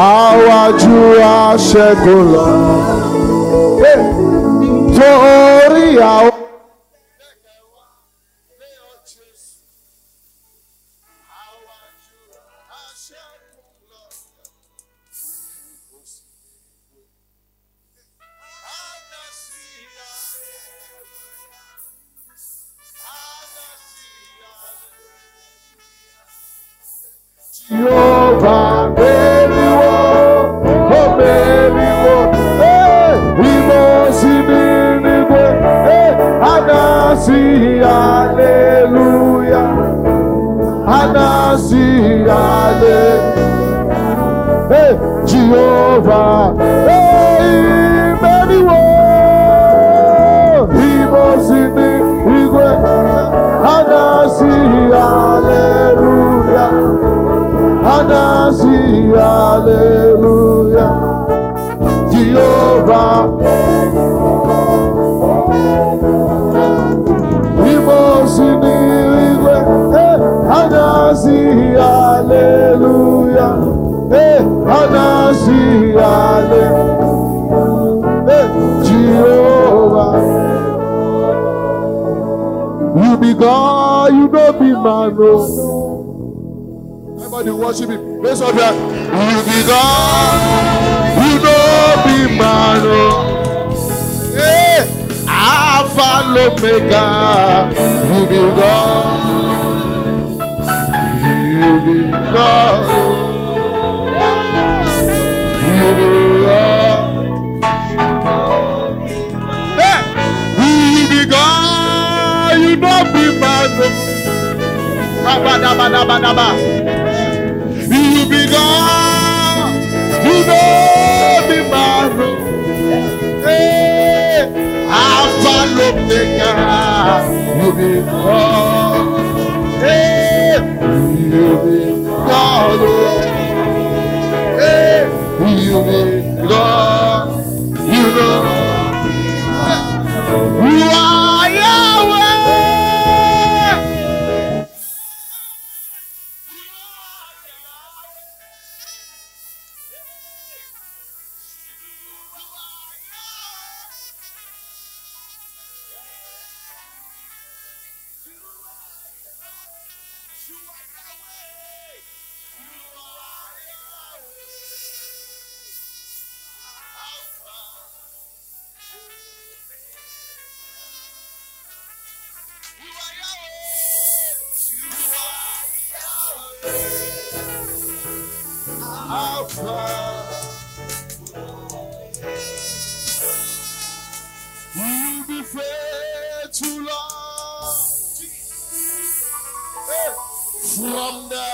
àwa ju aṣẹ́gun lọ. torí àwa. our will be faithful, Lord. From the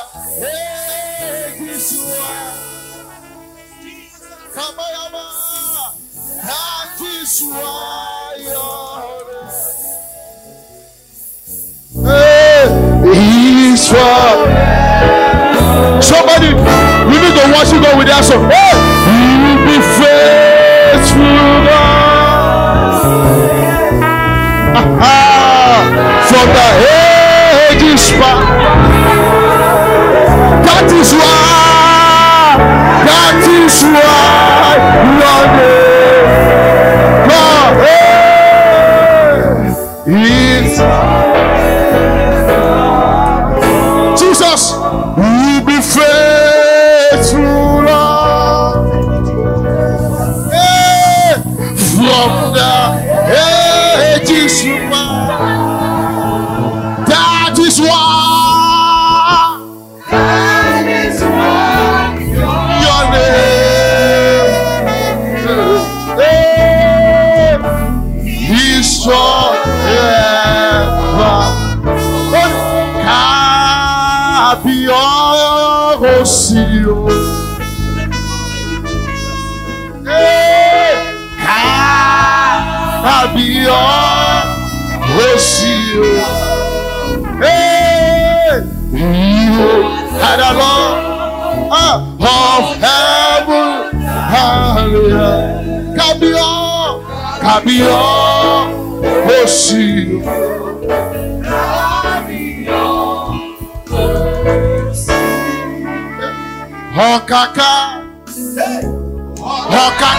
ages Kamayama, that is why you're Israel. Somebody. We need to worship God with that song. Hey! will be faithful, God. From the ages past. That is why. That is why. Lord. lábíyàn kò mercy. ọ̀kàkà ọ̀kàkà.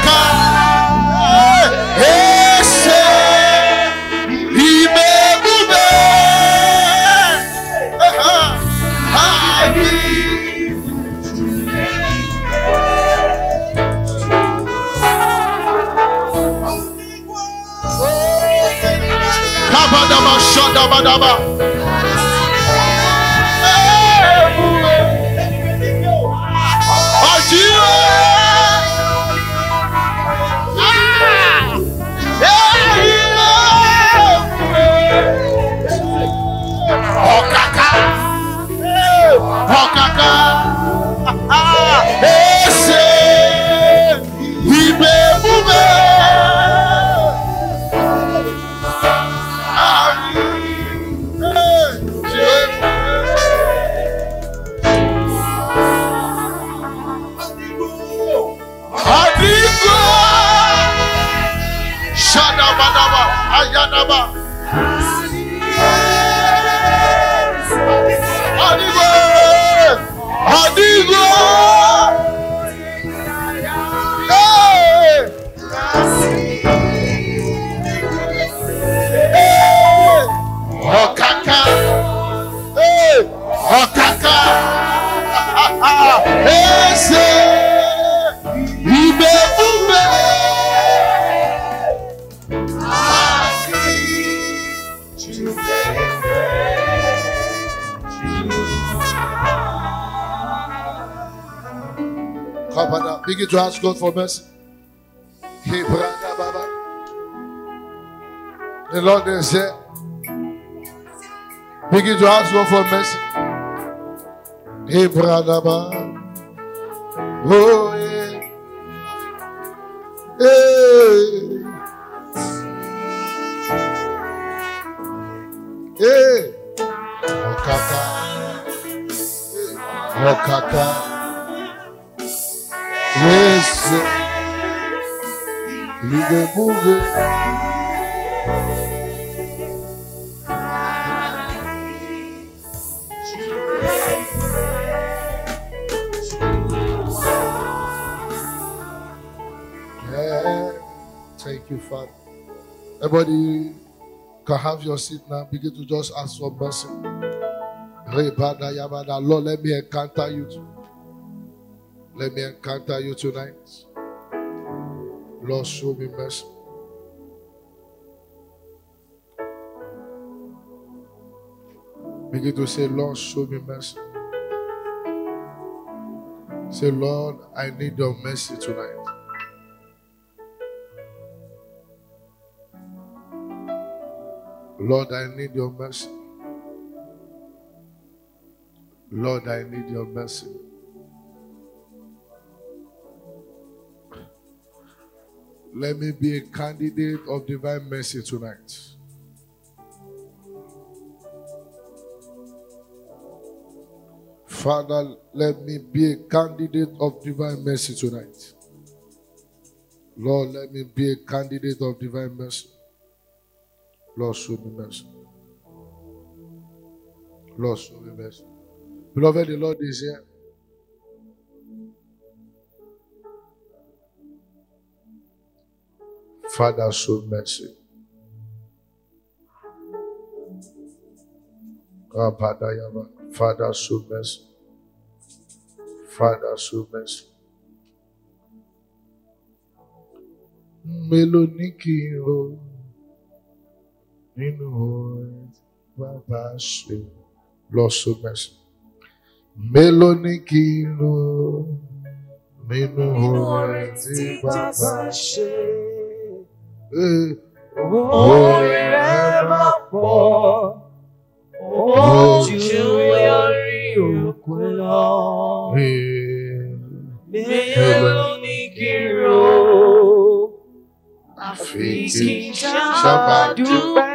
打吧！God for mercy. The Lord is here. Begin to ask God for mercy. Hey, oh. have your seat now, begin to just ask for mercy. Lord, let me encounter you. Too. Let me encounter you tonight. Lord, show me mercy. Begin to say, Lord, show me mercy. Say, Lord, I need your mercy tonight. Lord, I need your mercy. Lord, I need your mercy. Let me be a candidate of divine mercy tonight. Father, let me be a candidate of divine mercy tonight. Lord, let me be a candidate of divine mercy. Lord, show me mercy. Lord, show me mercy. Beloved, the Lord is here. Father, show mercy. Ah, father, show mercy. Father, show mercy. Mélòó ni nínú orin bàbá ṣe lọ́sọ mẹ́sàn. Mélòó ní kí n lò nínú orin tí bàbá ṣe? Orin eh, rẹ̀ máa pọ̀, ojú yọrí òkú lọ. Mélòó eh, ní kí n lò? Àfi kí n ṣàbàdúpẹ́.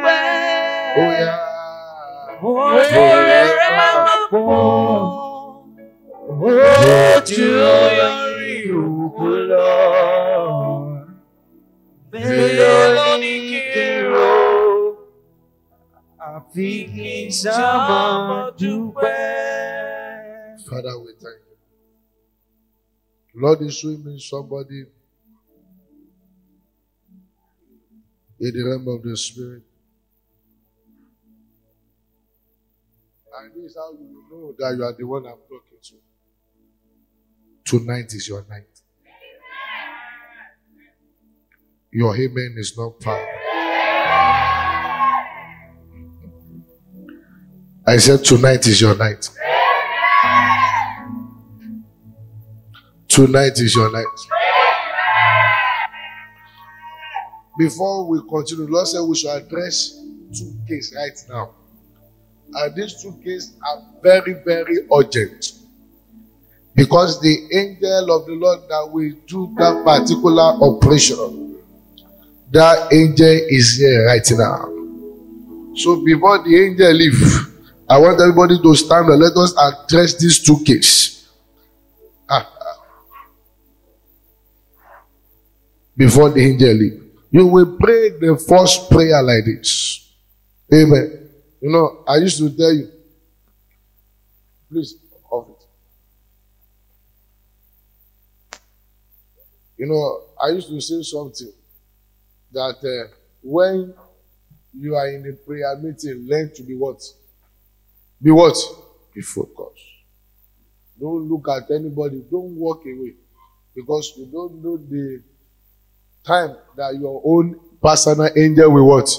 Oya. Wherever go, go to your yoke, Lord. Belonigero, afikin sama dupe. Father, we thank you. Lord is swimming somebody in the realm of the spirit. And this is how you know that you are the one I'm talking to. Tonight is your night. Your amen is not power. I said, Tonight is your night. Tonight is your night. Before we continue, Lord said we should address two cases right now and these two cases are very, very urgent. Because the angel of the Lord that will do that particular operation, that angel is here right now. So before the angel leave, I want everybody to stand and let us address these two cases. Ah, ah. Before the angel leave. You will pray the first prayer like this. Amen. You know, I used to tell you, please, off it. You know, I used to say something that uh, when you are in a prayer meeting, learn to be what? Be what? Be focused. Don't look at anybody. Don't walk away because you don't know the time that your own personal angel will what?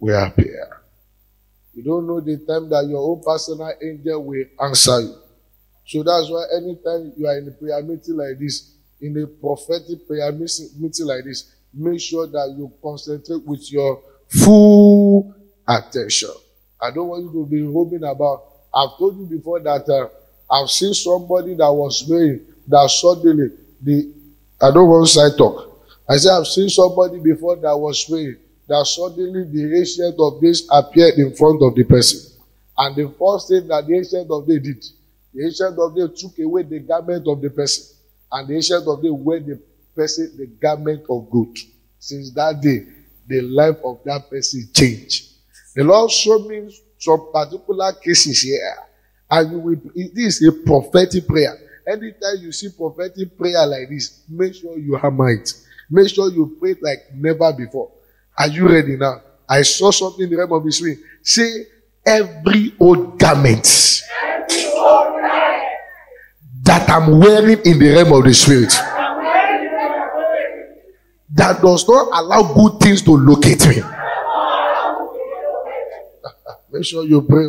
Will appear. You don't know the time that your own personal angel will answer you. So that's why anytime you are in a prayer meeting like this, in a prophetic prayer meeting like this, make sure that you concentrate with your full attention. I don't want you to be roaming about. I've told you before that uh, I've seen somebody that was praying that suddenly the I don't want side talk. I said I've seen somebody before that was praying that suddenly the ancient of days appeared in front of the person. And the first thing that the ancient of days did, the ancient of days took away the garment of the person. And the ancient of days wear the person the garment of gold. Since that day, the life of that person changed. The Lord showed me some particular cases here. And you will, this is a prophetic prayer. Anytime you see prophetic prayer like this, make sure you hammer it. Make sure you pray like never before. Are you ready now? I saw something in the realm of the spirit. Say, every old garment that I'm wearing in the realm of the spirit that does not allow good things to locate me. Make sure you pray.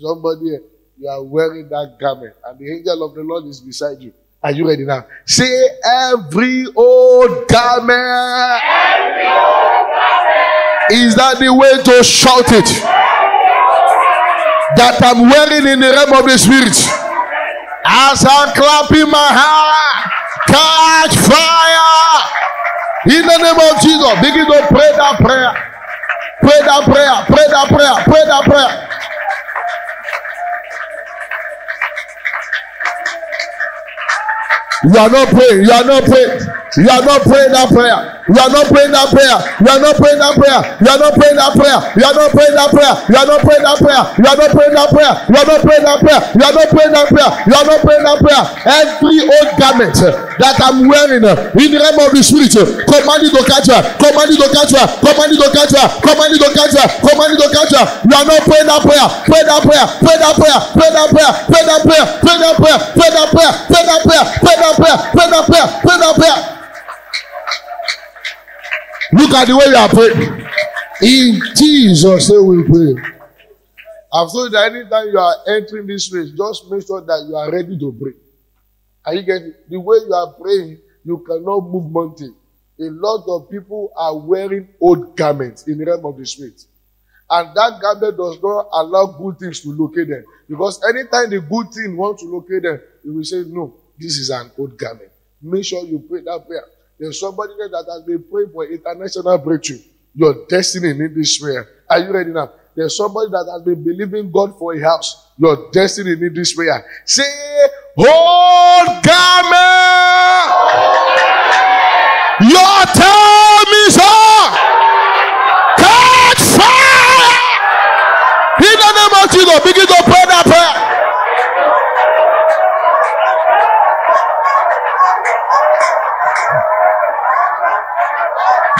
Somebody, you are wearing that garment, and the angel of the Lord is beside you. Are you ready now? Say every old garment. Every old Is that the way to shout it? That I'm wearing in the realm of the spirit. As I'm clapping my hand, catch fire. In the name of Jesus, begin to pray that prayer. Pray that prayer. Pray that prayer. Pray that prayer. You are not praying. You are not praying. You are not praying that prayer. You are not praying that prayer. You are not praying that prayer. You are not praying that prayer. You are not praying that prayer. You are not praying that prayer. You are not praying that prayer. You are not praying that prayer. You are not praying that prayer. You are not praying that prayer. Every old garment that I'm wearing in the name of the spirit, command it to catch her. Command it to catch her. Command it to catch her. Command it to catch her. Command it to catch her. You are not praying that prayer. Pray that prayer. Pray that prayer. Pray that prayer. Pray that prayer. Pray that prayer. Pray that prayer. Pray that prayer. Pray that prayer that prayer, pray that prayer, pray that prayer. Look at the way you are praying. In Jesus' name we pray. I've told you that anytime you are entering this race, just make sure that you are ready to pray. Are you getting The way you are praying, you cannot move mountain. A lot of people are wearing old garments in the realm of the spirit. And that garment does not allow good things to locate them. Because anytime the good thing wants to locate them, it will say, no, This is an old garment. Make sure you pray that prayer. There's somebody there that has been praying for international breakthrough. Your destiny needs this prayer. Are you ready now? There's somebody that has been believing God for a house. Your destiny needs this prayer. Say, Old garment! Your turn.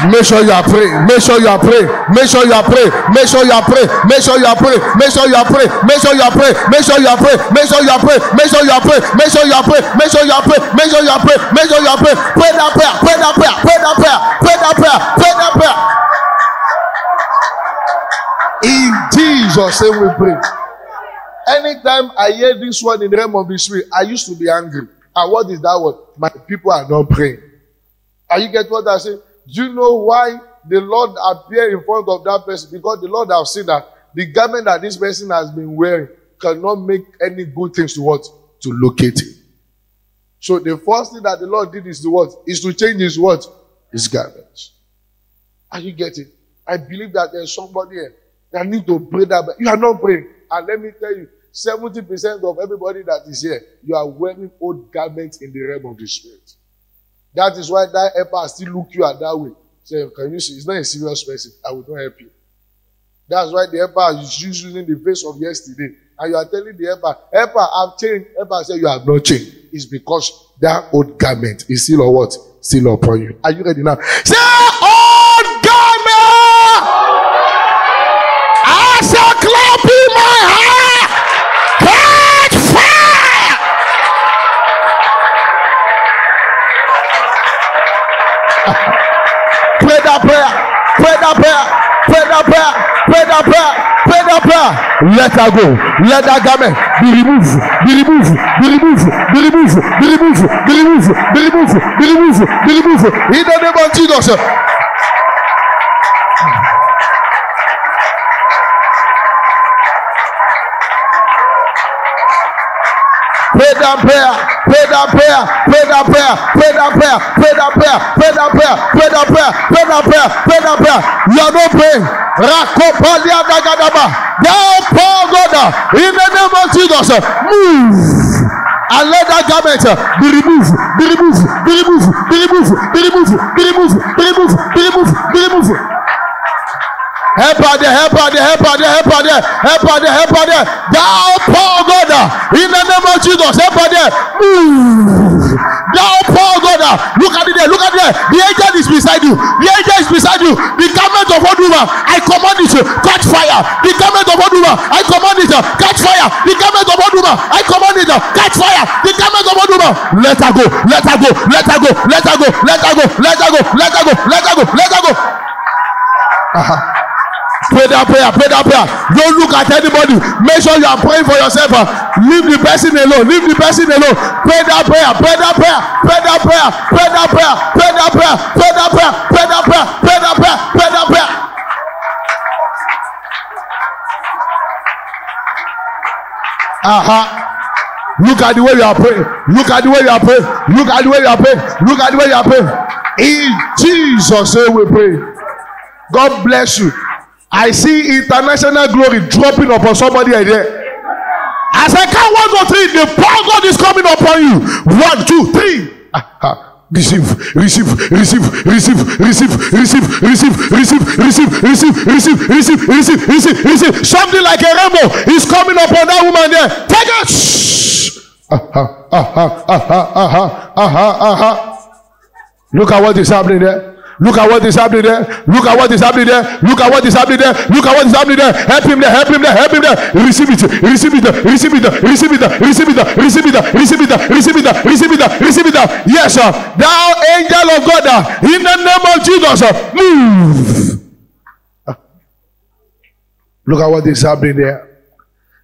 Make sure you are praying. Make sure you are praying. Make sure you are praying. Make sure you are praying. Make sure you are praying. Make sure you are praying. Make sure you are praying. Make sure you are praying. Make sure you are praying. Make sure you are praying. Make sure you are praying. Make sure you are praying. Make sure you are praying. Make sure you are praying. Pray that prayer. Pray that prayer. Pray that prayer. Pray that prayer. Pray that prayer. In Jesus' name we pray. Anytime I hear this word in the realm of the spirit, I used to be angry. And what is that word? My people are not praying. Are you get what I say? Do you know why the Lord appeared in front of that person? Because the Lord have seen that the garment that this person has been wearing cannot make any good things to what? To locate him. So the first thing that the Lord did is to what? Is to change his what? His garments. Are you getting? I believe that there's somebody here that need to pray that. But you are not praying. And let me tell you, 70% of everybody that is here, you are wearing old garments in the realm of the spirit. That is why that helper still look you at that way. Say, can you see? It's not a serious person. I will not help you. That's why the helper is using the face of yesterday. And you are telling the helper, helper, I've changed. Helper said, you have not changed. It's because that old garment is still on what? Still upon you. Are you ready now? Say! that prayer. Pray that prayer. Let her go. Let that garment be removed. Be removed. Be removed. Be removed. Be removed. Be removed. Be removed. Be removed. Be removed. In the name of Jesus. Pray that prayer. Pray that prayer. Pray that prayer. Pray that prayer. Pray that prayer. Pray that prayer. Pray that prayer. Pray that prayer. Pray that prayer. You are not praying. Rakopalia Dagadaba. Therefore, God, in the name of Jesus, move. And let that garment be removed, be removed, be removed, be removed, be removed, be removed, be removed, be removed, be removed. Help out there, help out there, help out there, help out there, help out there, help out there. Thou poor God, in the name of Jesus, help out there. Move. Thou poor God, look at it there, look at it there. The angel is beside you. The angel is beside you. The garment of Oduma, I command it, catch fire. The garment of Oduma, I command it, catch fire. The garment of Oduma, I command it, catch fire. The garment of Oduma, let her go, let her go, let her go, let her go, let her go, let her go, let her go, let her go, let her go, let her go. Uh-huh. Pray that prayer. Pray that prayer. Don't look at anybody. Make sure you are praying for yourself. Leave the person alone. Leave the person alone. Pray that prayer. Pray that prayer. Pray that prayer. Pray that prayer. Pray that prayer. Pray that prayer. Pray that prayer. Pray that prayer. Pray that prayer. Uh-huh. Look at the way you are praying. Look at the way you are praying. Look at the way you are praying. Look at the way you are praying. In Jesus' name we pray. God bless you. I see international glory dropping upon somebody here. As I count one, two, three, the power of God is coming upon you. One, two, three. Receive, receive, receive, receive, receive, receive, receive, receive, receive, receive, receive, receive, receive, receive, receive. Something like a rainbow is coming upon that woman there. Take it. Aha, aha, aha, aha, aha, aha. Look at what is happening there. Look at what is happening there. Look at what is happening there. Look at what is happening there. Look at what is happening there. Help him there. Help him there. Help him there. Receive it. Receive it. Receive it. Receive it. Receive it. Receive it. Receive it. Receive it. Receive it. Receive it. Yes, sir. Thou angel of God, in the name of Jesus, move. Look at what is happening there.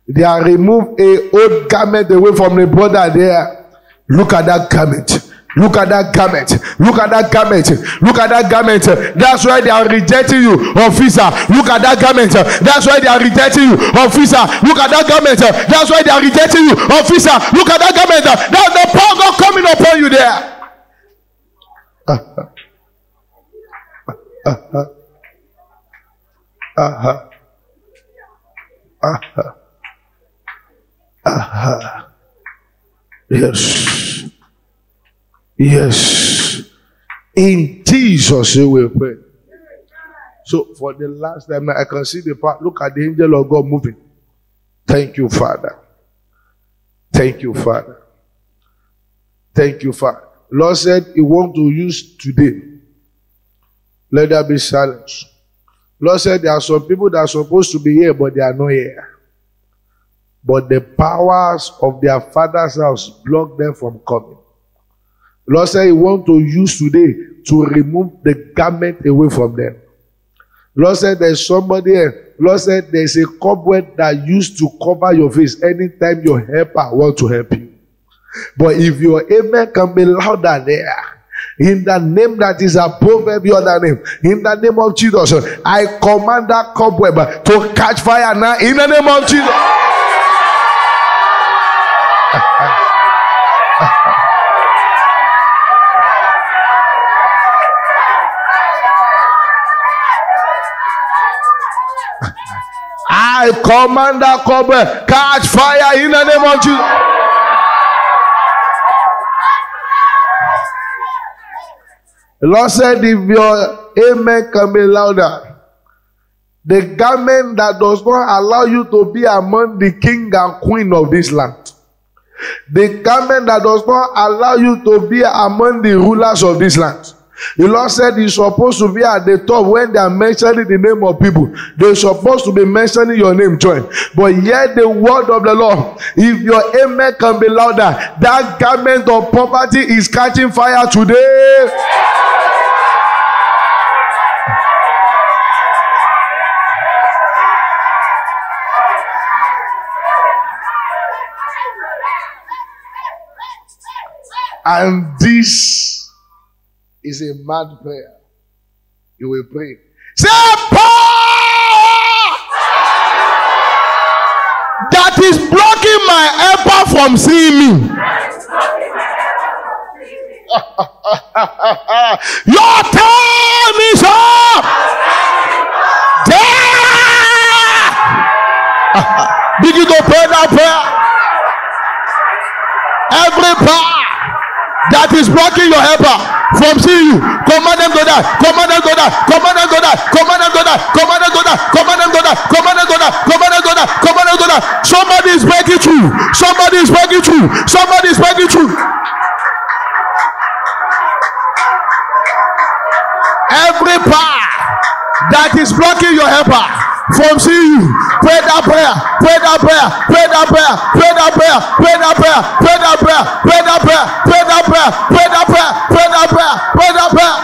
They are remove a old garment away from the brother there. Look at that garment. Look at that garment. Look at that garment. Look at that garment. That's why they are rejecting you, officer. Look at that garment. That's why they are rejecting you, officer. Look at that garment. That's why they are rejecting you, officer. Look at that garment. That's the power God coming upon you there. Uh-huh. Uh-huh. Uh-huh. Uh-huh. Uh-huh. Yes. Yes. In Jesus' we will pray. So for the last time, I can see the part. Look at the angel of God moving. Thank you, Father. Thank you, Father. Thank you, Father. Lord said he want to use today. Let there be silence. Lord said there are some people that are supposed to be here, but they are not here. But the powers of their father's house block them from coming. Lord said He want to use today to remove the garment away from them. Lord said there's somebody else. Lord said there's a cobweb that used to cover your face anytime your helper want to help you. But if your amen can be louder there, in the name that is above every other name. In the name of Jesus, I command that cobweb to catch fire now. In the name of Jesus. I command that cobra, catch fire in the name of Jesus. The Lord said, if your amen can be louder, the garment that does not allow you to be among the king and queen of this land, the garment that does not allow you to be among the rulers of this land, The Lord said you're supposed to be at the top when they are mentioning the name of people. They're supposed to be mentioning your name, John. But yet the word of the Lord, if your amen can be louder, that garment of poverty is catching fire today. And this Is a mad prayer. You will pray. Say, Paul! That is blocking my helper from seeing me. Your time is up. There. Begin to pray that prayer. Every power that is blocking your helper from seeing you. Command them to die. Command them to die. Command them to die. Command them to die. Command them to die. Command them to die. Command them to die. Command them to die. Command them to die. Somebody is breaking through. Somebody is breaking through. Somebody is breaking through. Every power that is blocking your helper. from seeing you. Pray that prayer. Pray that prayer. Pray that prayer. Pray that prayer. Pray that prayer. Pray that prayer. Pray that prayer. Pray that prayer. Pray that prayer. Pray that prayer. Pray that prayer.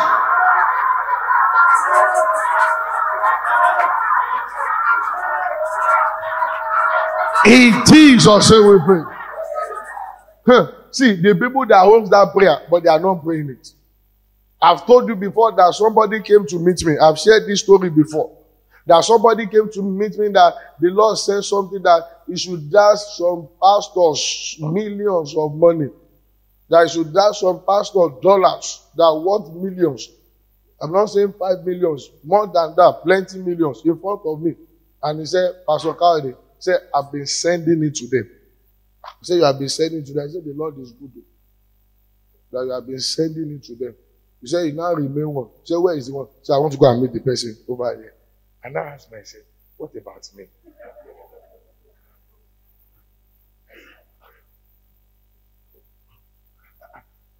In Jesus' name we pray. Huh. See, the people that hold that prayer, but they are not praying it. I've told you before that somebody came to meet me. I've shared this story before. That somebody came to meet me that the Lord said something that he should dash some pastors millions of money. That he should dash some pastors dollars that worth millions. I'm not saying five millions, more than that, plenty millions in front of me. And he said, Pastor Calde, said, I've been sending it to them. Say said, You have been sending it to them. Say said, The Lord is good. That you have been sending it to them. He said, You now remain one. He said, Where is the one? He said, I want to go and meet the person over here. And I asked myself, what about me?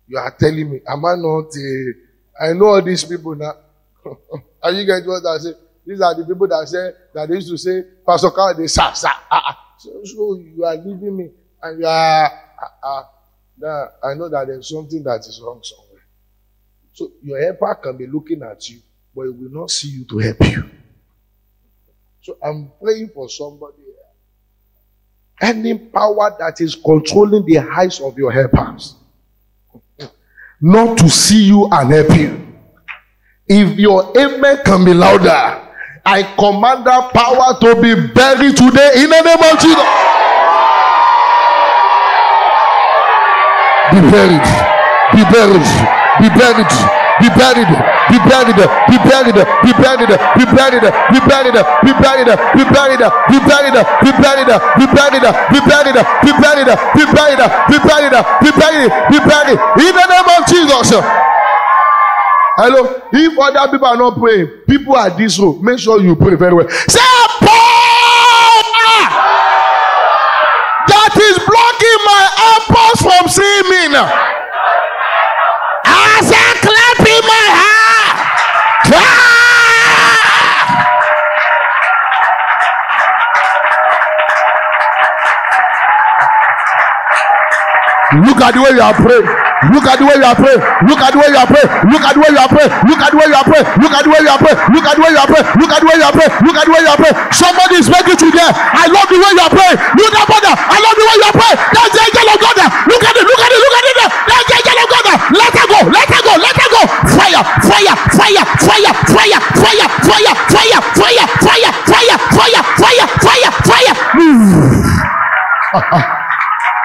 you are telling me, am I not? Uh, I know all these people now. are you getting what I say? These are the people that say that they used to say, Pastor Carl, they sa sa. Ah, ah. So, so you are leaving me, and you are. Ah, ah. Now, I know that there's something that is wrong somewhere. So your helper can be looking at you, but he will not see you to help you. So I'm praying for somebody. Any power that is controlling the heights of your helpers, not to see you and help you. If your amen can be louder, I command that power to be buried today in the name of Jesus. Be buried, be buried, be buried be buried, be buried, be buried, be buried, be buried, be buried, be buried, be buried, be buried, be buried, be buried, be buried, be buried, be buried, be buried, be buried, be buried, in the name of Jesus. Hello, if other people are not praying, people are this room, Make sure you pray very well. Say, That is blocking my apples from seeing me now my heart. Look at the way you are praying. Look at the way you are praying. Look at the way you are praying. Look at the way you are praying. Look at the way you are praying. Look at the way you are praying. Look at the way you are praying. Look at the way you are praying. Look at the way you are praying. Somebody is making to there. I love the way you are praying. Look at that. I love the way you are praying. That's the angel of God. Look at it. Look at it. Look at it. That's the fire, fire, fire, fire, fire, fire, fire, fire, fire, fire, fire, fire, fire, fire, fire.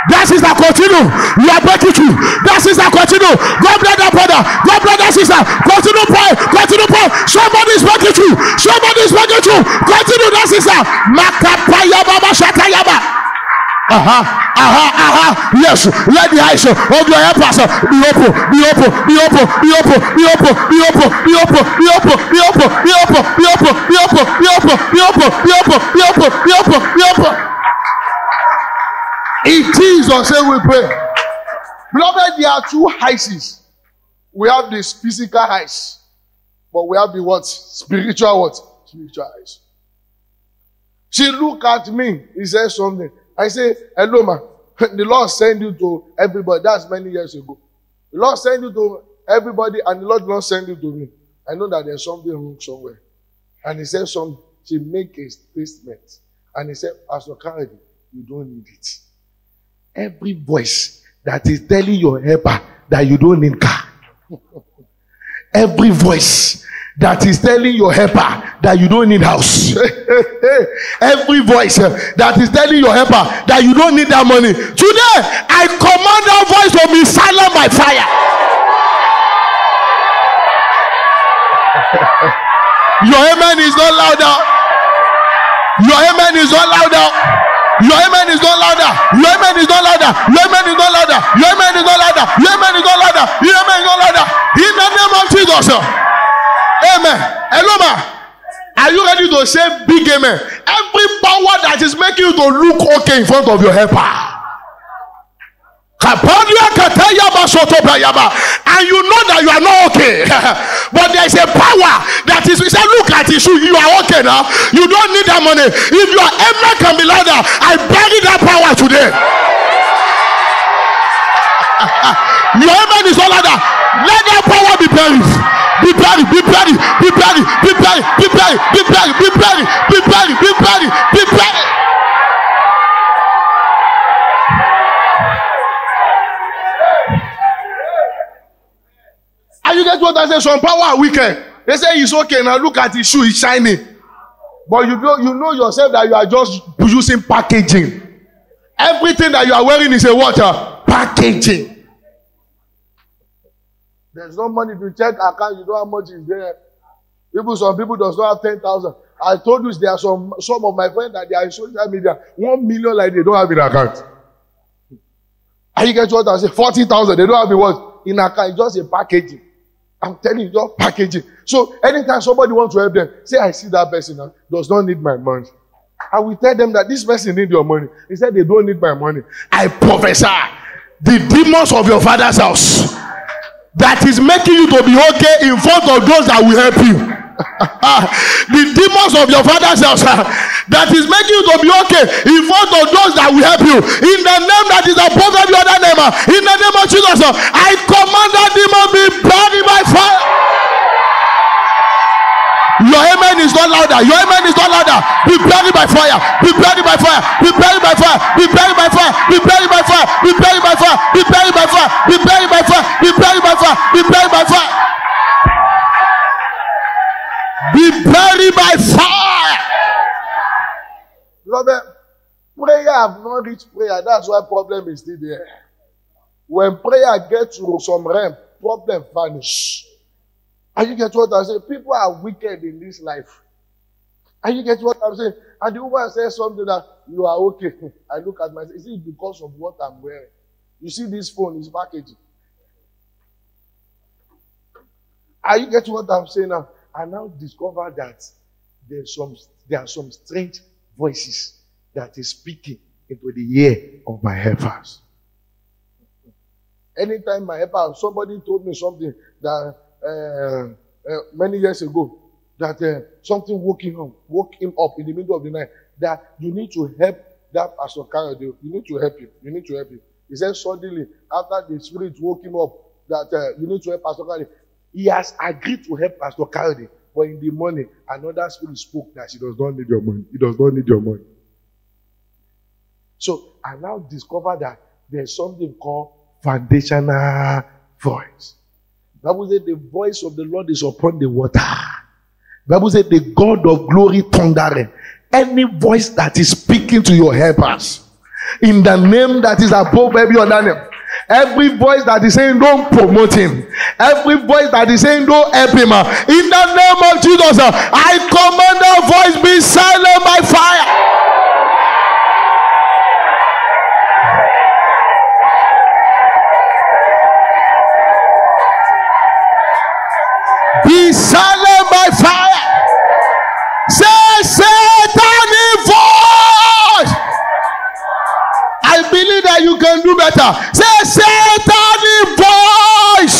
That sister continue. We are breakthrough. That sister continue. God bless that brother, God bless that sister. Continue pray. Continue pray. Somebody is breakthrough. Somebody is breakthrough. Continue that sister. Makapa yaba, Makapayaba, yaba. Aha, aha, aha. Yes, let the eyes of your helpers be open, be open, be open, be open, be open, be open, be open, be open, be open, be open, be open, be open, be open, be open, be open, be open, be open, be open. In Jesus' name we pray. Beloved, there are two heights. We have this physical heights, but we have the what? Spiritual what? Spiritual heights. She looked at me. He said something. I say, hello, man. The Lord sent you to everybody. That's many years ago. The Lord sent you to everybody, and the Lord did not send you to me. I know that there's something wrong somewhere. And he said, some, she make a statement. And he said, as your car, you don't need it. Every voice that is telling your helper that you don't need car. Every voice that is telling your helper that you don't need house every voice eh, that is telling your helper that you don't need that money today i command that voice to be silent by fire your amen is not louder your amen is not louder your amen is not louder your amen is not louder your amen is not louder your amen is not louder your amen is not louder your amen is not louder in the name of jesus. Eh. Amen. Hello, ma. Are you ready to say big amen? Every power that is making you to look okay in front of your helper. And you know that you are not okay. but there is a power that is, he said, look at it, you are okay now. You don't need that money. If your amen can be louder, I bury that power today. your amen is all louder. Let that power be buried be buried, be buried, be buried, be buried, be buried, be buried, be buried, be buried, be buried, be buried. Are you guys what I say? Some power weekend. They say it's okay now. Look at his shoe, it's shiny. But you know, you know yourself that you are just using packaging. Everything that you are wearing is a water uh, packaging. There's no money. If you check account, you know how much is there. Even some people does not have 10,000. I told you there are some, some of my friends that they are in social media. One million like they don't have in account. Are you get what I say? 40,000. They don't have in what? In account. It's just a packaging. I'm telling you, just packaging. So anytime somebody wants to help them, say, I see that person now, does not need my money. I will tell them that this person need your money. He said, they don't need my money. I prophesy the demons of your father's house that is making you to be okay in front of those that will help you. the demons of your father's house that is making you to be okay in front of those that will help you in the name that is above every other name in the name of Jesus I command that demon be burned by fire. Your amen is not louder. Your amen is not louder. Be buried by fire. Be buried by fire. Be buried by fire. Be buried by fire. Be buried by fire. Be buried by fire. Be buried by fire. Be buried by fire. Be buried by fire. Be buried by fire. Be buried by fire. Beloved, prayer have not reached prayer. That's why problem is still there. When prayer gets to some realm, problem vanish. Are you get what I'm saying? People are wicked in this life. Are you get what I'm saying? And the woman says something that you are okay. I look at myself. Is it because of what I'm wearing? You see this phone is packaging. Are you getting what I'm saying now? I now discover that there's some there are some strange voices that is speaking into the ear of my helpers. Anytime my helper, somebody told me something that Uh, uh, many years ago that uh, something woke him up, woke him up in the middle of the night that you need to help that Pastor Kayode. You need to help him. You need to help him. He said suddenly after the spirit woke him up that uh, you need to help Pastor Kayode. He has agreed to help Pastor Kayode, but in the morning another spirit spoke that he does not need your money. He does not need your money. So I now discover that there's something called foundational voice. Bible said the voice of the Lord is upon the water. Bible said the God of glory thundering. Any voice that is speaking to your helpers in the name that is above every other name. Every voice that is saying don't promote him. Every voice that is saying don't help him. In the name of Jesus, I command that voice be silent by fire. you can do better. Say satanic voice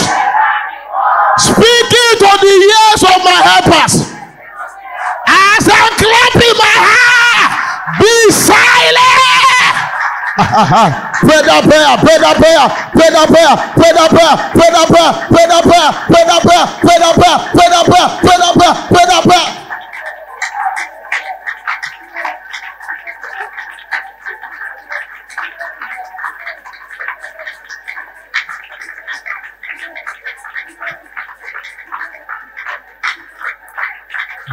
speaking to the ears of my helpers as I'm clapping my hand. Be silent. pray that prayer, pray that prayer, pray that prayer, pray that prayer, pray that prayer, pray that prayer, pray that prayer, pray that prayer, pray that prayer, pray that prayer, pray that prayer.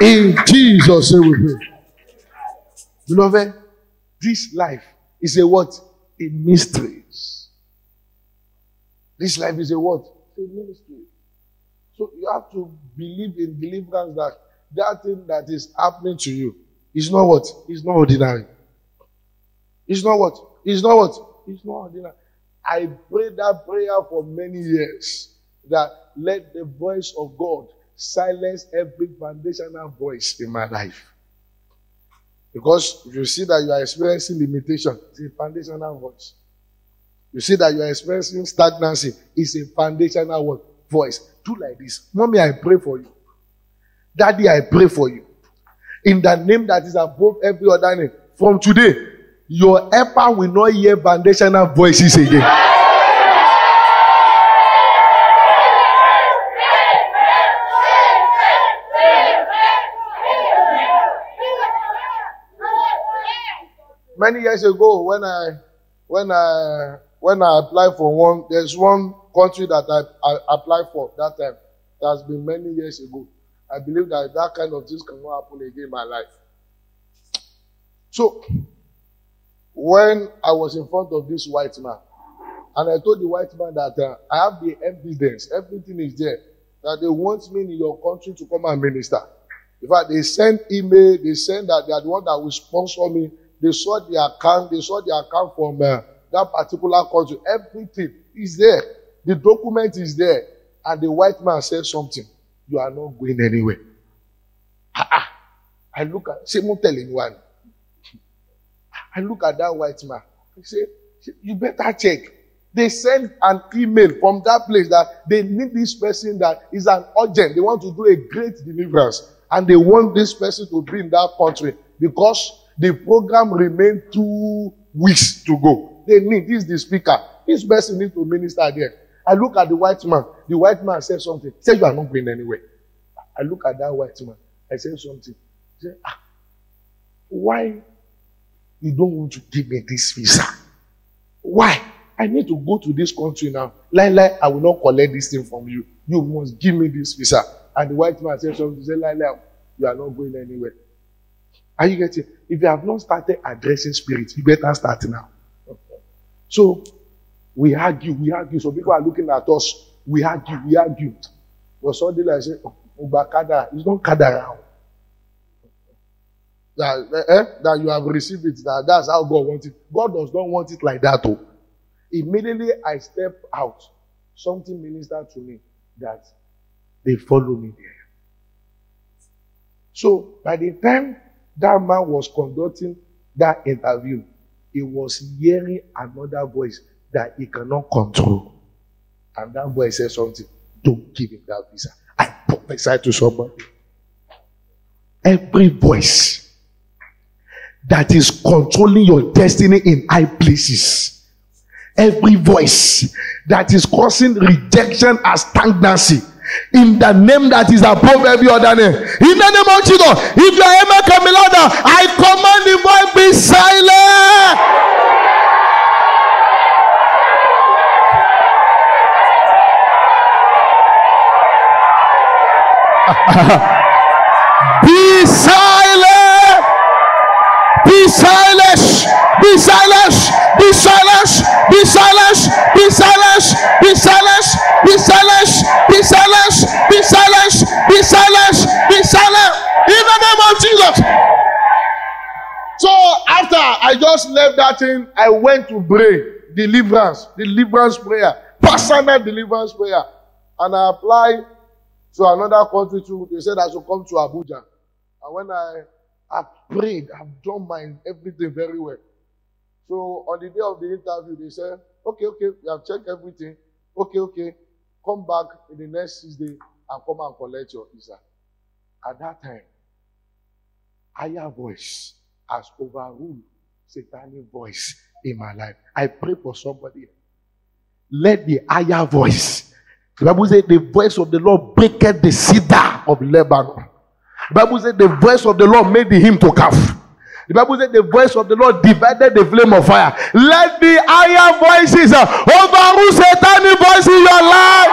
In Jesus' name we pray. Beloved, this life is a what? A mystery. This life is a what? A mystery. So you have to believe in deliverance that that thing that is happening to you is not what? It's not ordinary. It's not what? It's not what? It's not ordinary. I prayed that prayer for many years that let the voice of God silence every foundational voice in my life. Because you see that you are experiencing limitation, it's a foundational voice. You see that you are experiencing stagnancy, it's a foundational voice. Do like this Mommy, I pray for you. Daddy, I pray for you. In the name that is above every other name, from today, your helper will not hear foundational voices again. many years ago when I when I when I applied for one there's one country that I, I applied for that time that's been many years ago. I believe that that kind of things cannot happen again in my life. So when I was in front of this white man and I told the white man that uh, I have the evidence, everything is there that they want me in your country to come and minister. In fact, they sent email, they send that they are the one that will sponsor me They saw the account. They saw the account from uh, that particular country. Everything is there. The document is there. And the white man said something. You are not going anywhere. Ah, ah. I look at say, telling one. I look at that white man. He say, you better check. They send an email from that place that they need this person that is an urgent. They want to do a great deliverance. And they want this person to be in that country because The program remained two weeks to go. They need, this the speaker. This person needs to minister there. I look at the white man. The white man said something. He said, You are not going anywhere. I look at that white man. I said something. He said, Ah, why you don't want to give me this visa? Why? I need to go to this country now. Like, like, I will not collect this thing from you. You must give me this visa. And the white man said something. He said, like, like, you are not going anywhere. Are you getting? If you have not started addressing spirits, you better start now. So we argue, we argue. So people are looking at us. We argue, we argue. But suddenly I say, Ubakada, oh, it's not kada Kadara. That, eh, eh, that you have received it, that, that's how God wants it. God does not want it like that. Oh. Immediately I step out, something ministered to me that they follow me there. So by the time That man was conducting that interview. He was hearing another voice that he cannot control. And that voice said something. Don't give him that visa. I prophesy to somebody. Every voice that is controlling your destiny in high places, every voice that is causing rejection as stagnancy, in the name that is above every other name. In the name of Jesus, if you are Emma Kamilada, I command the boy be silent. be silent. Be silent. Be silent. Be silent. Be silent. Be silent. Be silent. Be silent. Be silent. Be silent. Be silent. Be silent. In the name of Jesus. So after I just left that thing, I went to pray deliverance, deliverance prayer, personal deliverance prayer, and I applied to another country too. They said I should come to Abuja, and when I I prayed. I've done my everything very well. So on the day of the interview, they said, okay, okay, we have checked everything. Okay, okay, come back in the next Tuesday and come and collect your visa. At that time, higher voice has overruled satanic voice in my life. I pray for somebody. Let the higher voice. The Bible says the voice of the Lord breaketh the cedar of Lebanon. The Bible says the voice of the Lord made him to cough. The Bible said the voice of the Lord divided the flame of fire. Let the iron voices uh, overrule satanic voice in your life.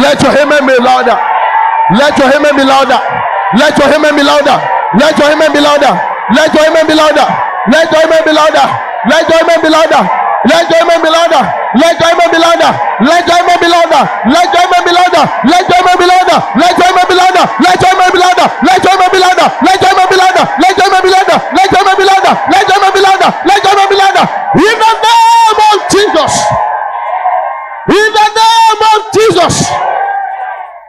Let your amen be louder. Let your amen be louder. Let your amen be louder. Let your amen be louder. Let your amen be louder. Let your amen be louder. Let your amen be louder. Let your amen be louder. Let judgment be louder. Let judgment be louder. Let judgment be louder. Let judgment be louder. Let judgment be louder. Let judgment be louder. Let judgment be louder. Let judgment be louder. Let judgment be louder. Let judgment be louder. Let judgment be louder. Let judgment be louder. In the name of Jesus. In the name of Jesus.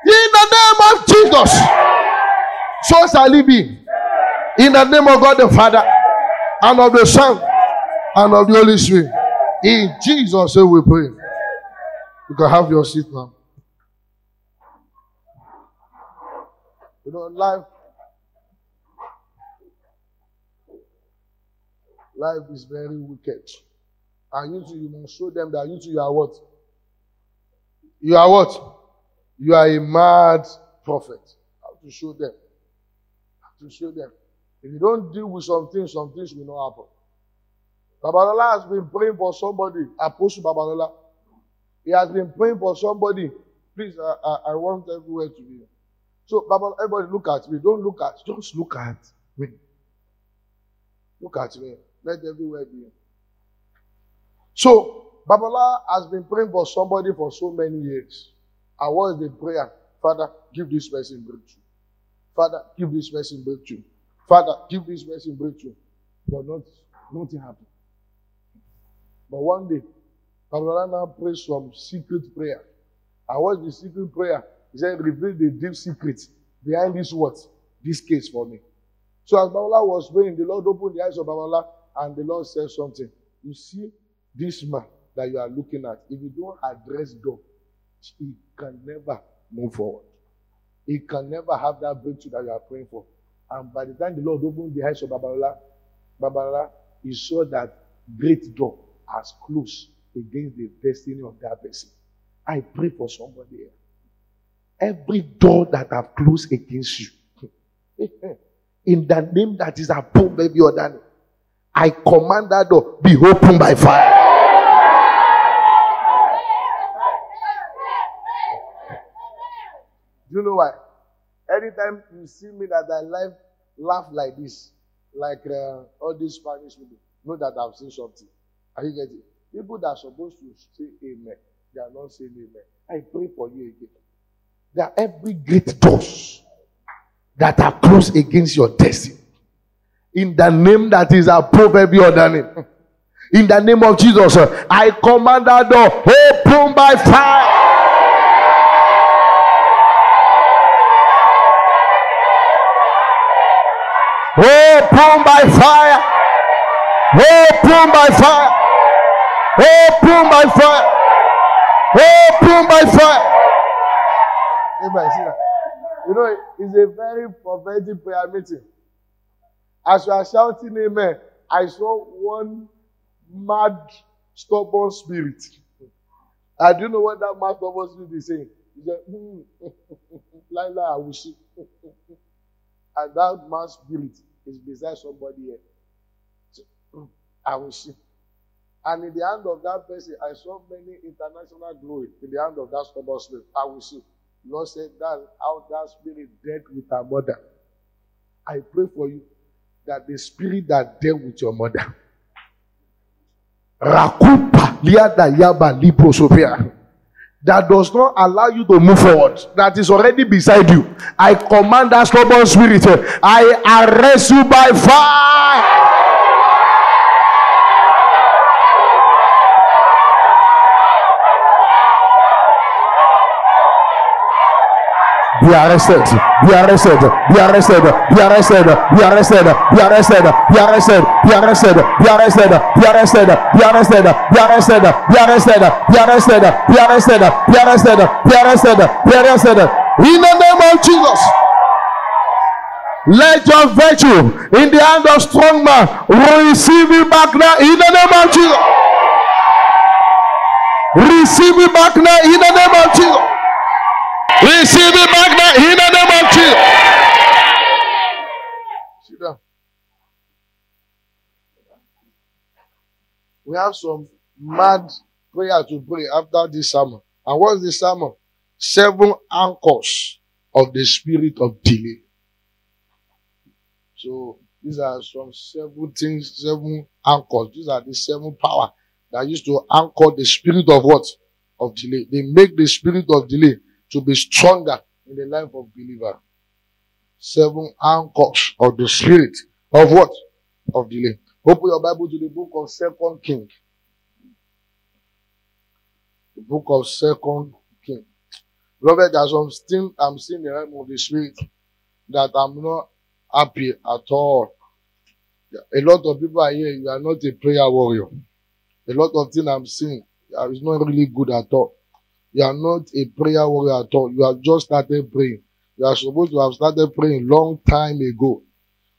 In the name of Jesus. So shall it be. In the name of God the Father and of the Son and of the Holy Spirit. In Jesus' name we pray. You can have your seat now. You know, life, life is very wicked. And you too, you must show them that you too, you are what? You are what? You are a mad prophet. How to show them? How to show them? If you don't deal with some things, some things will not happen. Babalola has been praying for somebody. Apostle Babalola. He has been praying for somebody. Please, I, I, I want everywhere to be. So, Babalola, everybody look at me. Don't look at, just look at me. Look at me. Let everywhere be. So, Babalola has been praying for somebody for so many years. I was the prayer? Father, give this person breakthrough. Father, give this person breakthrough. Father, give this person breakthrough. But not, nothing happened. But one day, Pamela now prays some secret prayer. I what's the secret prayer? He said, reveal the deep secret behind this what? This case for me. So as Babala was praying, the Lord opened the eyes of Babala and the Lord said something. You see this man that you are looking at, if you don't address God, he can never move forward. He can never have that breakthrough that you are praying for. And by the time the Lord opened the eyes of Babala, Babala, he saw that great door as close against the destiny of that person. I pray for somebody Every door that I've closed against you, in the name that is above every other name, I command that door be opened by fire. Do you know why? Anytime you see me that I laugh, laugh like this, like uh, all these Spanish people, know that I've seen something. Are you getting? People that are supposed to say amen, they are not saying amen. I pray for you again. There are every great doors that are closed against your destiny. In the name that is above every other name. In the name of Jesus, I command that door open by fire. Open by fire. Open by fire. Open my fire. Open my fire. Amen. See that? You know, it's a very prophetic prayer meeting. As you are shouting amen, I saw one mad, stubborn spirit. I do know what that mad, stubborn spirit is saying. He's like, mm, I wish it. and that mad spirit is beside somebody here. So, hmm, I wish it. And in the hand of that person, I saw many international glory in the hand of that stubborn slave. I will see. Lord said, "That how that spirit dealt with her mother. I pray for you that the spirit that dealt with your mother. Rakupa liada yaba librosopia. That does not allow you to move forward. That is already beside you. I command that stubborn spirit. I arrest you by fire. be arrested, be arrested, be arrested, be arrested, be arrested, be arrested, be arrested, be arrested, be arrested, be arrested, be arrested, be arrested, be arrested, be arrested, be arrested, be arrested, be arrested, be arrested. In the name of Jesus. Let your virtue in the hand of strong man receive you back now in the name of Jesus. Receive it back now in the name of Jesus. Receive it back now in the name of Jesus. Sit down. We have some mad prayer to pray after this sermon. And what's the sermon? Seven anchors of the spirit of delay. So these are some seven things, seven anchors. These are the seven power that used to anchor the spirit of what? Of delay. They make the spirit of delay to be stronger in the life of believer. Seven anchors of the spirit of what? Of delay. Open your Bible to the book of Second King. The book of Second King. Robert, there's something I'm seeing in the realm of the spirit that I'm not happy at all. A lot of people are here, you are not a prayer warrior. A lot of things I'm seeing is not really good at all. You are not a prayer warrior at all. You have just started praying. You are supposed to have started praying long time ago.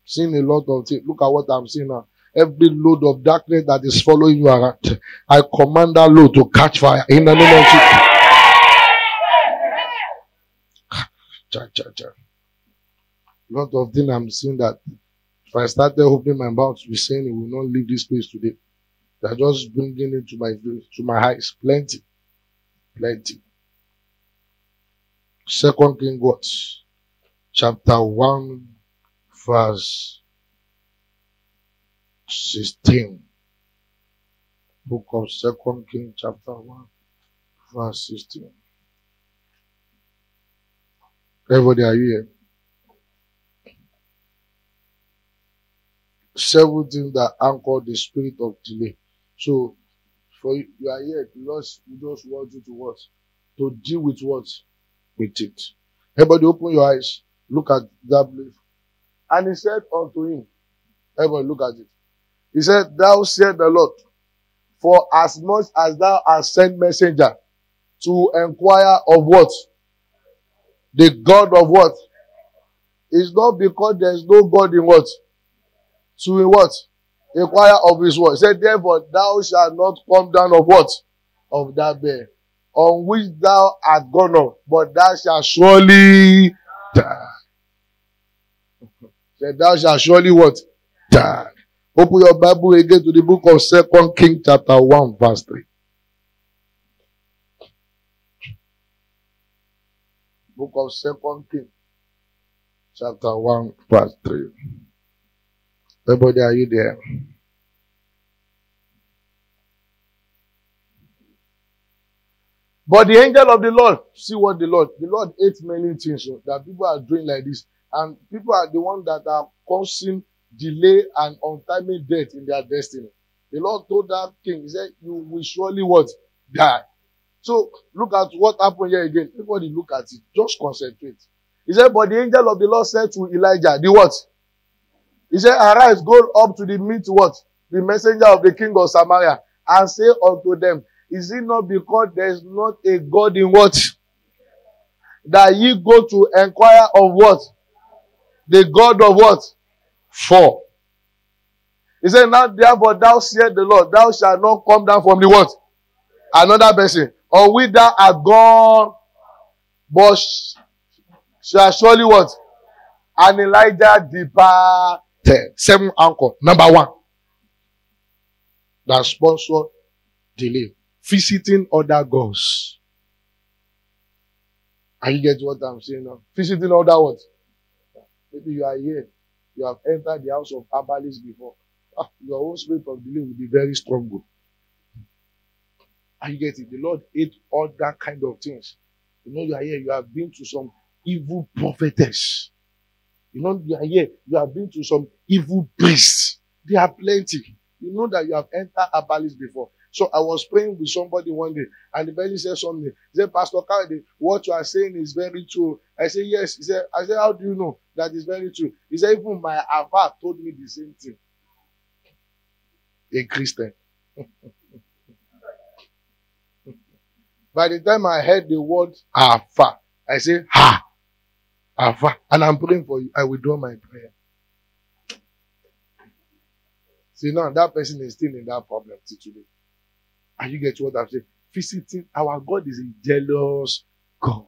Seen a lot of things. Look at what I'm seeing now. Every load of darkness that is following you around, I command that load to catch fire in the name of Jesus. cha, cha, cha. Lot of things I'm seeing that if I started opening my mouth, be saying it will not leave this place today. They're just bringing it to my to my eyes, plenty plenty. Second King what? Chapter 1, verse 16. Book of Second King, chapter 1, verse 16. Everybody, are you here? Seven that anchor the spirit of delay. So For you, you are here because we just want you to what? To deal with what? With it. Everybody open your eyes. Look at that belief. And he said unto him, Everybody look at it. He said, Thou said the Lord, for as much as thou hast sent messenger to inquire of what? The God of what? It's not because there's no God in what? To in what? inquire of his word. He said, Therefore, thou shalt not come down of what? Of that bed on which thou art gone up, but thou shalt surely die. Said, thou shalt surely what? Die. Open your Bible again to the book of Second King, chapter 1, verse 3. Book of Second King, chapter 1, verse 3. Everybody, are you there? But the angel of the Lord, see what the Lord, the Lord hates many things so oh, that people are doing like this. And people are the ones that are causing delay and untimely death in their destiny. The Lord told that king, He said, You will surely what? Die. So look at what happened here again. Everybody look at it. Just concentrate. He said, But the angel of the Lord said to Elijah, The what? He said, Arise, go up to the meet what? The messenger of the king of Samaria and say unto them, Is it not because there is not a God in what? That ye go to inquire of what? The God of what? For. He said, Now therefore thou seest the Lord, thou shalt not come down from the what? Another person. Or we that are gone, but shall surely what? And Elijah depart the same anchor. Number one, that sponsor delay. Visiting other gods. Are you get what I'm saying now? Visiting other what? Maybe you are here. You have entered the house of Abalis before. Ah, your own spirit of delay will be very strong. Bro. Are you get it? The Lord ate all that kind of things. You know you are here. You have been to some evil prophetess. You know, you are here, you have been to some evil priests. They are plenty. You know that you have entered a palace before. So I was praying with somebody one day, and the belly said something. He said, Pastor Kade, what you are saying is very true. I said, Yes. He said, I said, How do you know that is very true? He said, Even my Ava told me the same thing. A Christian. By the time I heard the word Ava, I said, Ha! Ava. And I'm praying for you. I withdraw my prayer. See, now that person is still in that problem till today. And you get what I'm saying? Visiting, our God is a jealous God.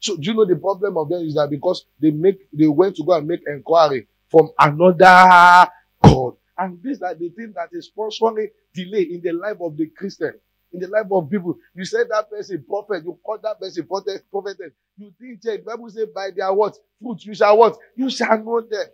So do you know the problem of them is that because they make they went to go and make inquiry from another God. And this that the thing that is sponsoring delay in the life of the Christian. in the life of people. You said that person prophet, you call that person prophet, prophet. You think, not Bible says, by their words, Fruit, you shall what? You shall know them.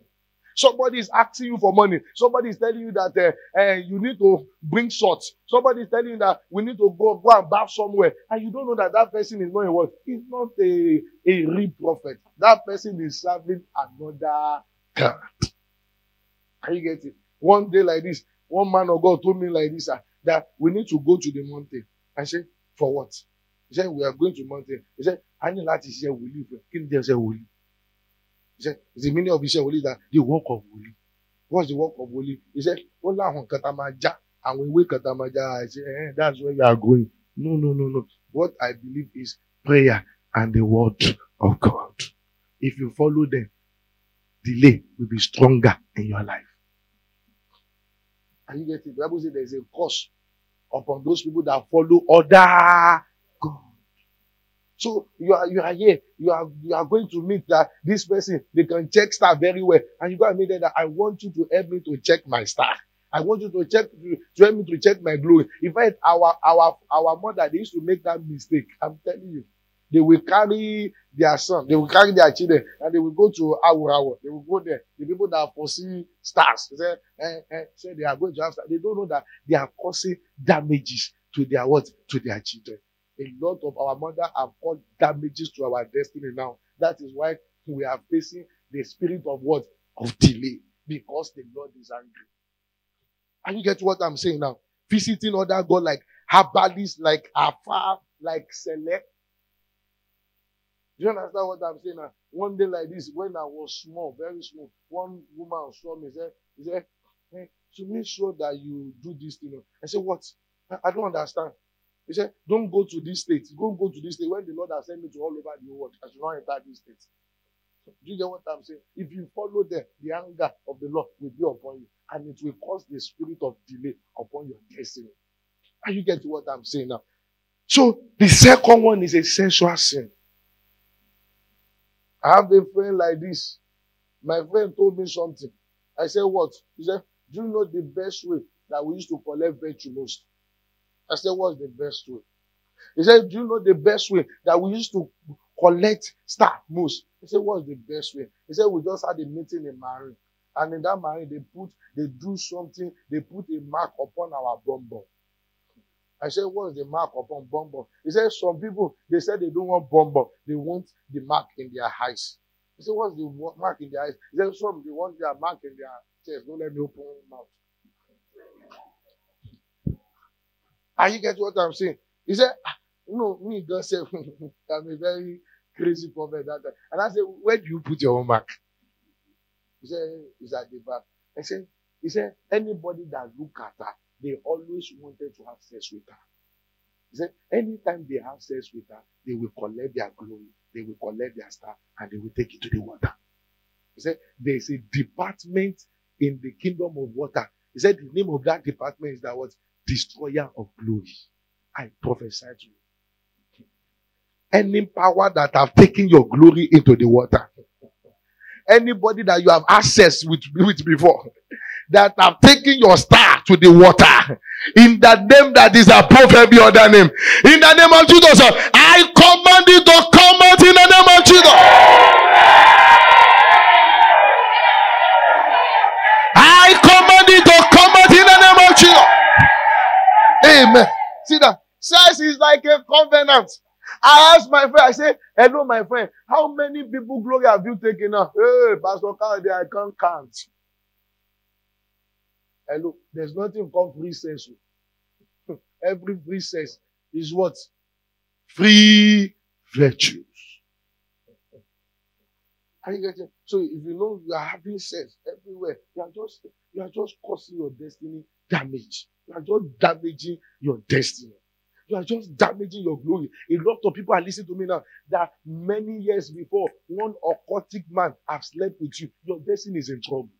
Somebody is asking you for money. Somebody is telling you that uh, uh, you need to bring salt. Somebody is telling you that we need to go, go and bath somewhere. And you don't know that that person is not a what? He's not a, a real prophet. That person is serving another God. Are you getting it? One day like this, one man of God told me like this. Uh, that we need to go to the mountain. I said, for what? He said, we are going to mountain. He said, I need that is here, we live. King there said, we live. He said, the meaning of said is that the work of holy. What's the work of holy? He said, Ola hon katamaja. And when we katamaja, I said, eh, that's where you are going. No, no, no, no. What I believe is prayer and the word of God. If you follow them, delay will be stronger in your life. Can you get it? The Bible says there's a curse upon those people that follow other God. So you are you are here, you are you are going to meet that this person, they can check star very well. And you gotta meet them that I want you to help me to check my star. I want you to check to, to help me to check my glory. In fact, our our our mother they used to make that mistake. I'm telling you. They will carry their son, they will carry their children, and they will go to Awurawa. They will go there. The people that foresee stars, they say, eh, eh, say they are going to have stars. They don't know that they are causing damages to their what? To their children. A lot of our mother have caused damages to our destiny now. That is why we are facing the spirit of what? Of delay. Because the Lord is angry. And you get what I'm saying now? Visiting other God like herbalists, like Afar, like Select, do you understand what I'm saying? Now? One day like this, when I was small, very small, one woman saw me. Said, said, hey, eh, to make sure that you do this thing. I said, what? I, I don't understand. He said, don't go to this state. Don't go to this state. When the Lord has sent me to all over the world, I should not enter this state. Do you get what I'm saying? If you follow them, the anger of the Lord will be upon you, and it will cause the spirit of delay upon your destiny. Are you getting what I'm saying now? So the second one is a sensual sin. I have a friend like this. My friend told me something. I said, What? He said, Do you know the best way that we used to collect virtue most? I said, What's the best way? He said, Do you know the best way that we used to collect star most? He said, What's the best way? He said, We just had a meeting in Marine. And in that marine, they put, they do something, they put a mark upon our bumble. I said, what is the mark upon bomb bomb? He said, some people, they said they don't want bomb bomb. They want the mark in their eyes. He said, what's the mark in their eyes? He said, some, they want their mark in their chest. Don't let me open my mouth. Are you getting what I'm saying? He said, ah, no, me, God said, I'm a very crazy prophet that time. And I said, where do you put your own mark? He said, it's at the back. I said, he said, anybody that look at that they always wanted to have sex with her. He said, anytime they have sex with her, they will collect their glory, they will collect their star, and they will take it to the water. He said, there is a department in the kingdom of water. He said, the name of that department is that was destroyer of glory. I prophesy to you any power that have taken your glory into the water. Anybody that you have access with, with before, that have taken your star to the water. In the name that is above every other name. In the name of Jesus, I command you to come out in the name of Jesus. I command you to come out in the name of Jesus. Amen. See that? size is like a covenant. I asked my friend, I say, Hello, my friend, how many people glory have you taken now? Hey, Pastor Kande, I can't count. Hello, there's nothing called free sense. Every free sense is what? Free virtues. Are you getting? So if you know you are having sense everywhere, you are just you are just causing your destiny damage. You are just damaging your destiny. You are just damaging your glory. A lot of people are listening to me now that many years before, one occultic man have slept with you. Your destiny is in trouble.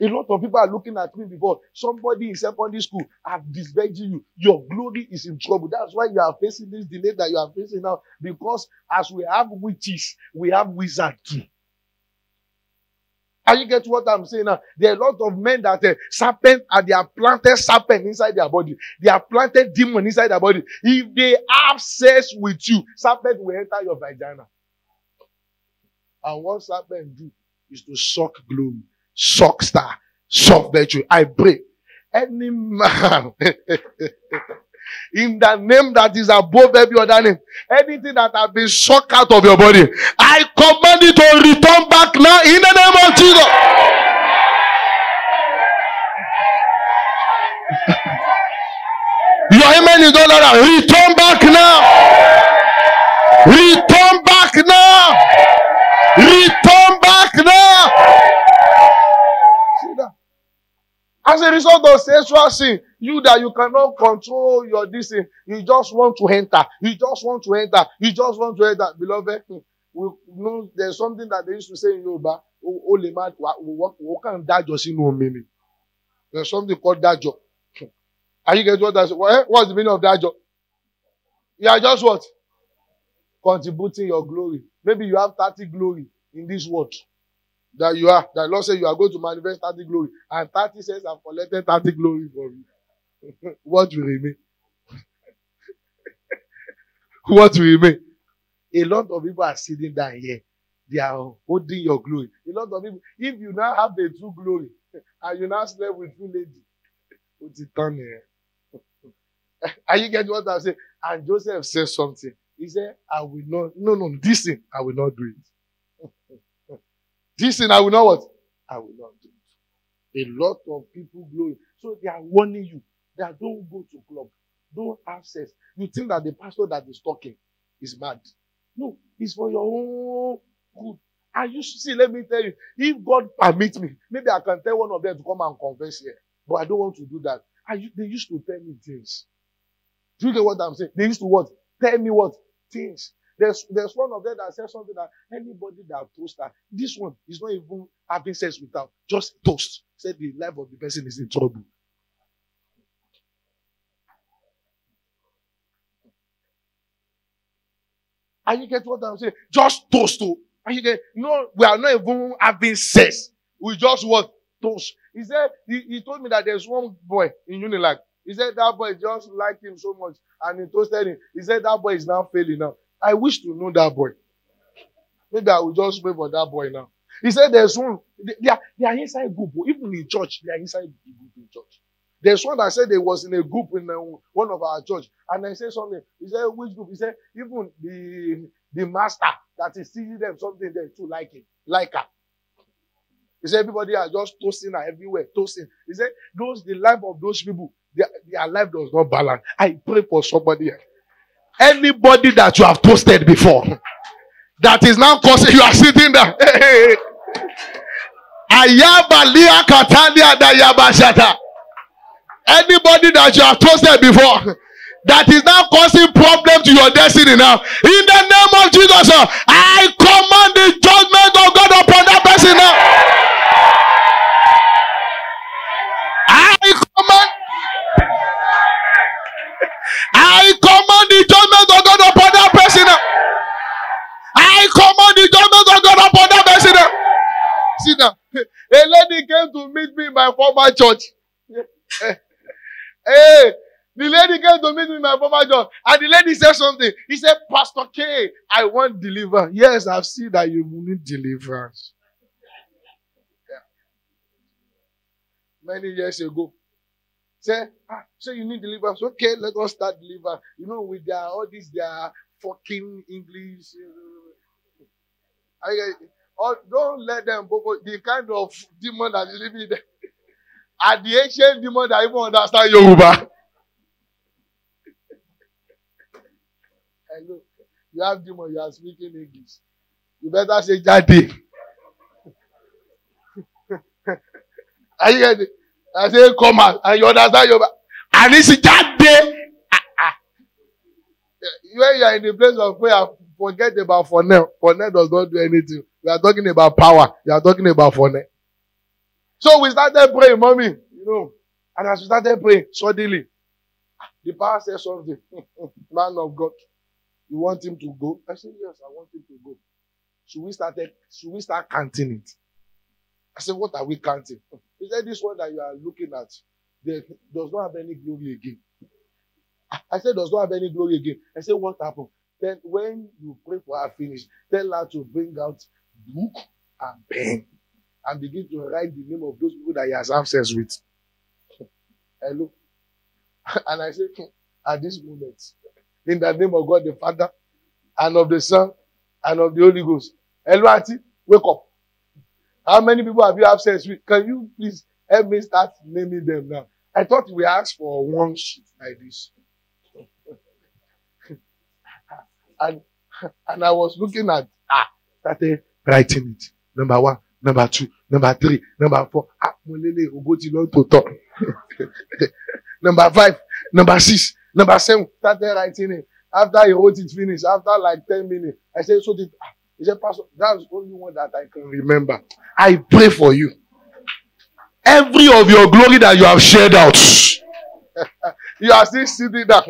A lot of people are looking at me because somebody in secondary school have disbanded you. Your glory is in trouble. That's why you are facing this delay that you are facing now. Because as we have witches, we have wizardry. Are you get what I'm saying now? There are a lot of men that eh, uh, serpent and they are planted serpent inside their body. They are planted demon inside their body. If they have sex with you, serpent will enter your vagina. And what serpent do is to suck glory. shock star, shock virtue. I pray any man in the name that is above every other name, anything that has been shocked out of your body, I command it to return back now in the name of Jesus. your amen is all around. Return back now. Return back now. Return back now. As a result of sexual sin, you that you cannot control your disease, you just want to enter. You just want to enter. You just want to enter. Beloved, we know there's something that they used to say in Yoruba, o lè má wọ́n kàn see no meaning? There's something called dájọ́. Are you getting what I say? Eh, what's the meaning of dájọ́? You are just what? Contributing your glory. Maybe you have thirty glory in this world. that you are, that Lord said you are going to manifest 30 glory, and 30 cents have collected 30 glory for you. what will remain? what will remain? A lot of people are sitting down here. They are holding your glory. A lot of people, if you now have the true glory, and you now slept with two ladies, put it on here. Are you getting what I'm saying? And Joseph said something. He said, I will not, no, no, this thing, I will not do it. This thing I will not what? I will not do it. A lot of people glowing. So they are warning you that don't go to club. Don't have sex. You think that the pastor that is talking is mad. No, it's for your own good. And you should see, let me tell you, if God permits me, maybe I can tell one of them to come and confess here. But I don't want to do that. I. they used to tell me things. Do you get what I'm saying? They used to what? Tell me what? Things. There's, there's one of them that said something that anybody that toasts that this one is not even having sex without, just toast. Said the life of the person is in trouble. Are you get what I'm saying? Just toast to. Are you get no, we are not even having sex. We just want toast. He said he, he told me that there's one boy in Unilag. He said that boy just liked him so much and he toasted him. He said that boy is now failing now. I wish to know that boy. Maybe I will just wait for that boy now. He said there's one, they are, they are inside group, oh, even in church, they are inside the group in church. There's one that said they was in a group in uh, one of our church. And I said something. He said, which group? He said, even the, the master that is teaching them something they too like him, like her. He said, everybody are just toasting her everywhere, toasting. He said, those, the life of those people, their, their life does not balance. I pray for somebody else. Anybody that you have toasted before that is now causing you are sitting there. Ayabalia Katalia Dayabashata. Anybody that you have toasted before that is now causing problem to your destiny now. In the name of Jesus, I command the judgment of of God upon that person. I command the judgment of God upon that person. See now, a lady came to meet me in my former church. hey, the lady came to meet me in my former church, and the lady said something. He said, Pastor K, I want deliverance. Yes, I've seen that you need deliverance. Many years ago, Say, ah, so you need deliverance. Okay, let us start deliver. You know, with their all this their fucking English. Uh, I, or oh, don't let them go the kind of demon that is living there. And the ancient demon that even understand Yoruba. Hello. You have demon, you are speaking English. You better say Jadi. are you getting it? I say, come out. And you understand Yoruba. And it's that day. When you are in the place of prayer, forget about Fonel. Fonel does not do anything. We are talking about power. We are talking about Fonel. So we started praying, mommy. You know. And as we started praying, suddenly, ah, the power says something. Man of God, you want him to go? I said, yes, I want him to go. Should we start, should we start counting it? I said, what are we counting? He said, This one that you are looking at does not have any glory again. I said, Does not have any glory again. I said, What happened? Then, when you pray for her finish, tell her to bring out book and pen and begin to write the name of those people that he has sex with. Hello. And I said hmm, At this moment, in the name of God the Father, and of the Son, and of the Holy Ghost. Hello, Auntie, wake up. How many people have you had sex with? Can you please help me start naming them now? I thought we asked for one sheet like this. and and I was looking at ah started writing it. Number one, number two, number three, number four. Ah, Molele, Ogoti to talk. number five, number six, number seven. Started writing it. After he wrote it finished. after like ten minutes, I said, so did ah, He said, Pastor, that's only one that I can remember. I pray for you. Every of your glory that you have shared out, you are still sitting down.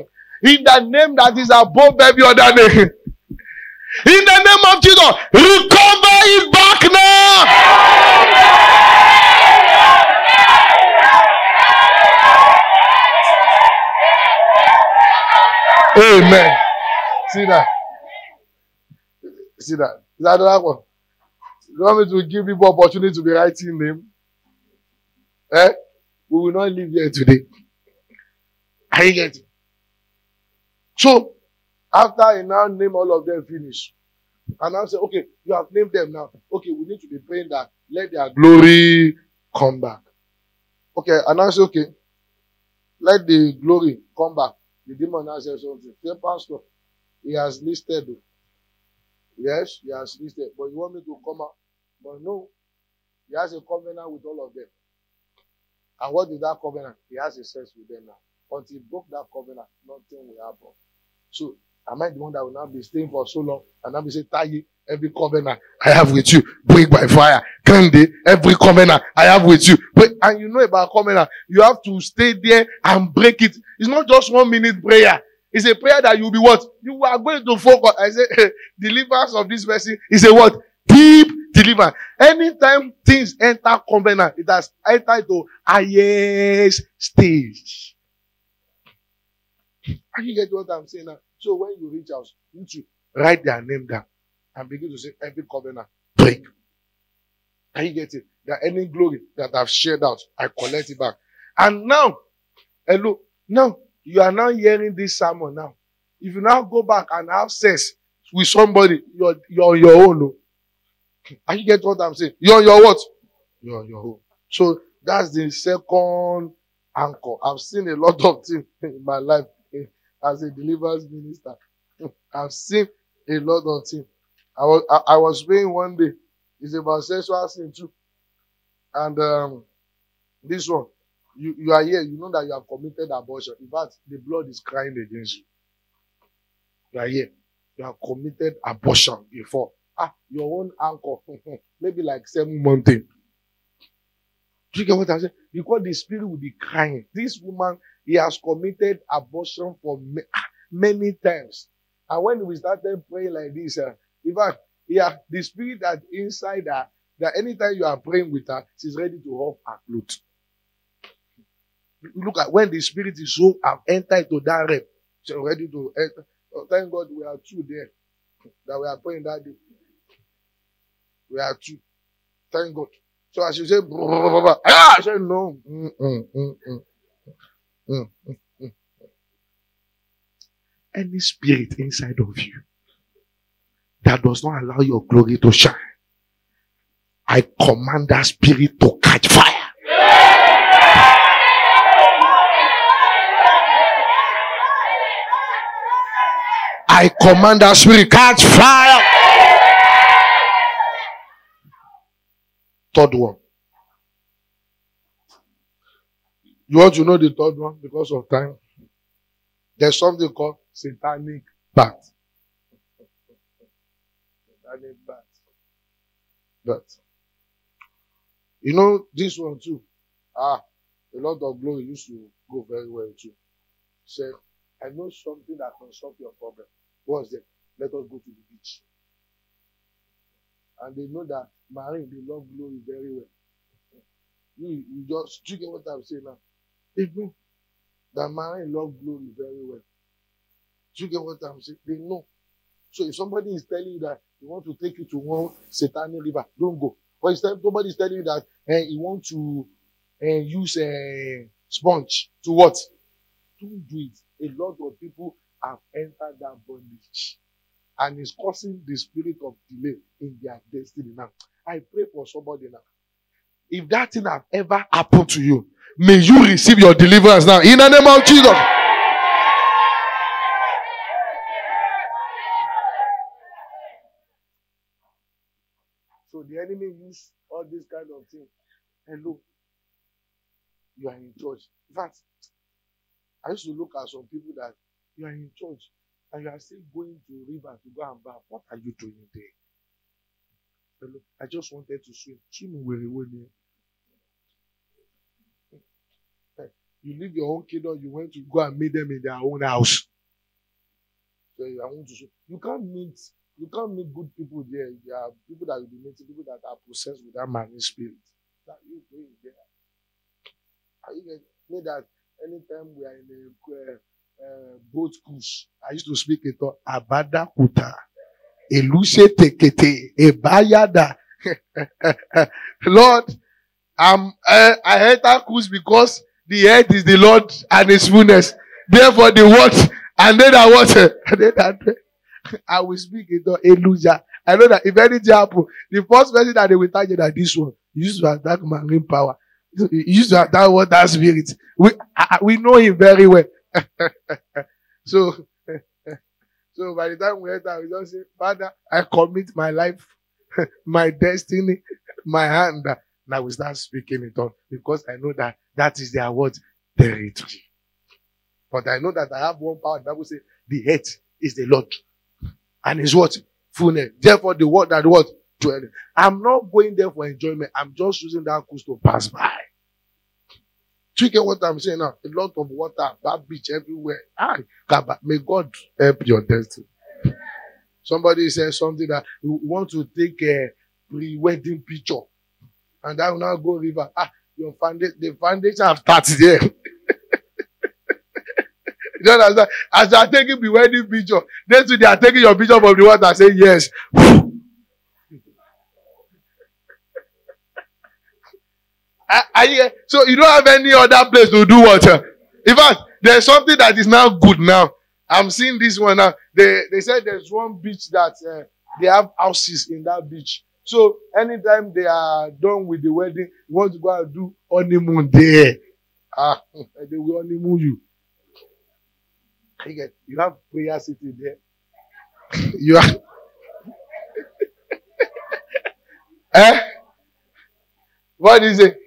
In the name that is above every other name. In the name of Jesus, recover it back now. Amen. See that? see that? Is that another one? You want to give people opportunity to be writing name? Eh? We will not live here today. Are you getting? So, after I now name all of them finish, and I say, okay, you have named them now. Okay, we need to be praying that let their glory come back. Okay, and I say, okay, let the glory come back. The demon now says something. Say, Pastor, he has listed Yes, he has listed, but you want me to come out? But no, he has a covenant with all of them. And what is that covenant? He has a sense with them now. Until he broke that covenant, nothing will happen. So, am I the one that will now be staying for so long and now be saying, tie every covenant I have with you, break by fire. Kende, every covenant I have with you. Break. And you know about covenant, you have to stay there and break it. It's not just one minute prayer. It's a prayer that you'll be what? You are going to focus. I say, deliverance of this person is a what? Deep deliverance. Anytime things enter covenant, it has entered to highest stage. I you get what I'm saying now? So when you reach out, you write their name down and begin to say every covenant break. Can you get it? That any glory that I've shared out, I collect it back. And now, hello, now You are now hearing this sermon now. If you now go back and have sex with somebody, you're, you're on your own. No? Are you get what I'm saying? You're on your what? You're on your own. So that's the second anchor. I've seen a lot of things in my life as a deliverance minister. I've seen a lot of things. I was I, I was praying one day. It's about sexual sin too. And um, this one, you, you are here, you know that you have committed abortion. In fact, the blood is crying against you. You are here. You have committed abortion before. Ah, your own uncle. maybe like seven months. Do you get what I'm saying? Because the spirit will be crying. This woman, he has committed abortion for ah, many times. And when we started praying like this, uh, in fact, yeah, the spirit that inside her, that anytime you are praying with her, she's ready to off her clothes. Look at when the spirit is so have entered into that realm. So ready to enter. Oh, thank God we are two there that we are praying that day. We are two. Thank God. So as you say, ah, I say no. Mm, mm, mm, mm. Mm, mm, mm. Any spirit inside of you that does not allow your glory to shine, I command that spirit to I command that spirit, catch fire. Third one. You want to know the third one because of time? There's something called satanic bat. Satanic bat. But, you know, this one too. Ah, a lot of glory used to go very well too. Say, I know something that can solve your problem. What's them? Let us go to the beach. And they know that marine, they love glory very well. You, you just, do you get what I'm saying now? They know that marine love glory very well. Do you get what I'm saying? They know. So if somebody is telling you that he want to take you to one satanic river, don't go. But if somebody is telling you that eh, he want to eh, use a eh, sponge to what? Don't do it. A lot of people have entered that bondage. And is causing the spirit of delay in their destiny now. I pray for somebody now. If that thing have ever happened to you, may you receive your deliverance now. In the name of Jesus. So the enemy uses all this kind of thing. And look, you are in church. In fact, I used to look at some people that you are in church and you are still going to river to go and bath what are you doing there hello i just wanted to swim swim wèrè wo ni you leave your own kingdom you went to go and meet them in their own house so i want to swim you can't meet you can't meet good people there there are people that you be meeting people that are possessed with that manly spirit that you going there are you know that anytime we are in a prayer. Uh, Eh, boat cruise. I used to speak it called Abada Kuta. Eluse tekete, ebayada. Lord, I'm, uh, I enter cruise because the earth is the Lord and His fullness. Therefore, the what and then I what and then I, I will speak it on Eluja. I know that if anything happen, the first person that they will tell you that this one used to have that marine power, used to have that word that spirit. We I, we know him very well. so, so by the time we enter, we just say, Father, I commit my life, my destiny, my hand. Now we start speaking it all because I know that that is their word, territory. But I know that I have one power. The Bible says, the head is the Lord. And it's what? Fullness. Therefore, the word that what? I'm not going there for enjoyment. I'm just using that cruise to pass by. Do you get what I'm saying now? A lot of water, bad beach everywhere. Ah, may God help your destiny. Somebody said something that you want to take a pre-wedding picture, and I will now go river. Ah, your foundation, the foundation have started there. you understand? As they are taking the wedding picture, then they are taking your picture from the water. Say yes. I, so you don't have any other place to do what? Eh? In fact, there's something that is now good now. I'm seeing this one now. They, they said there's one beach that uh, they have houses in that beach. So anytime they are done with the wedding, you want to go and do honeymoon there. Ah, they will honeymoon you. You, get, you have prayer sitting there. you are. eh? What is it?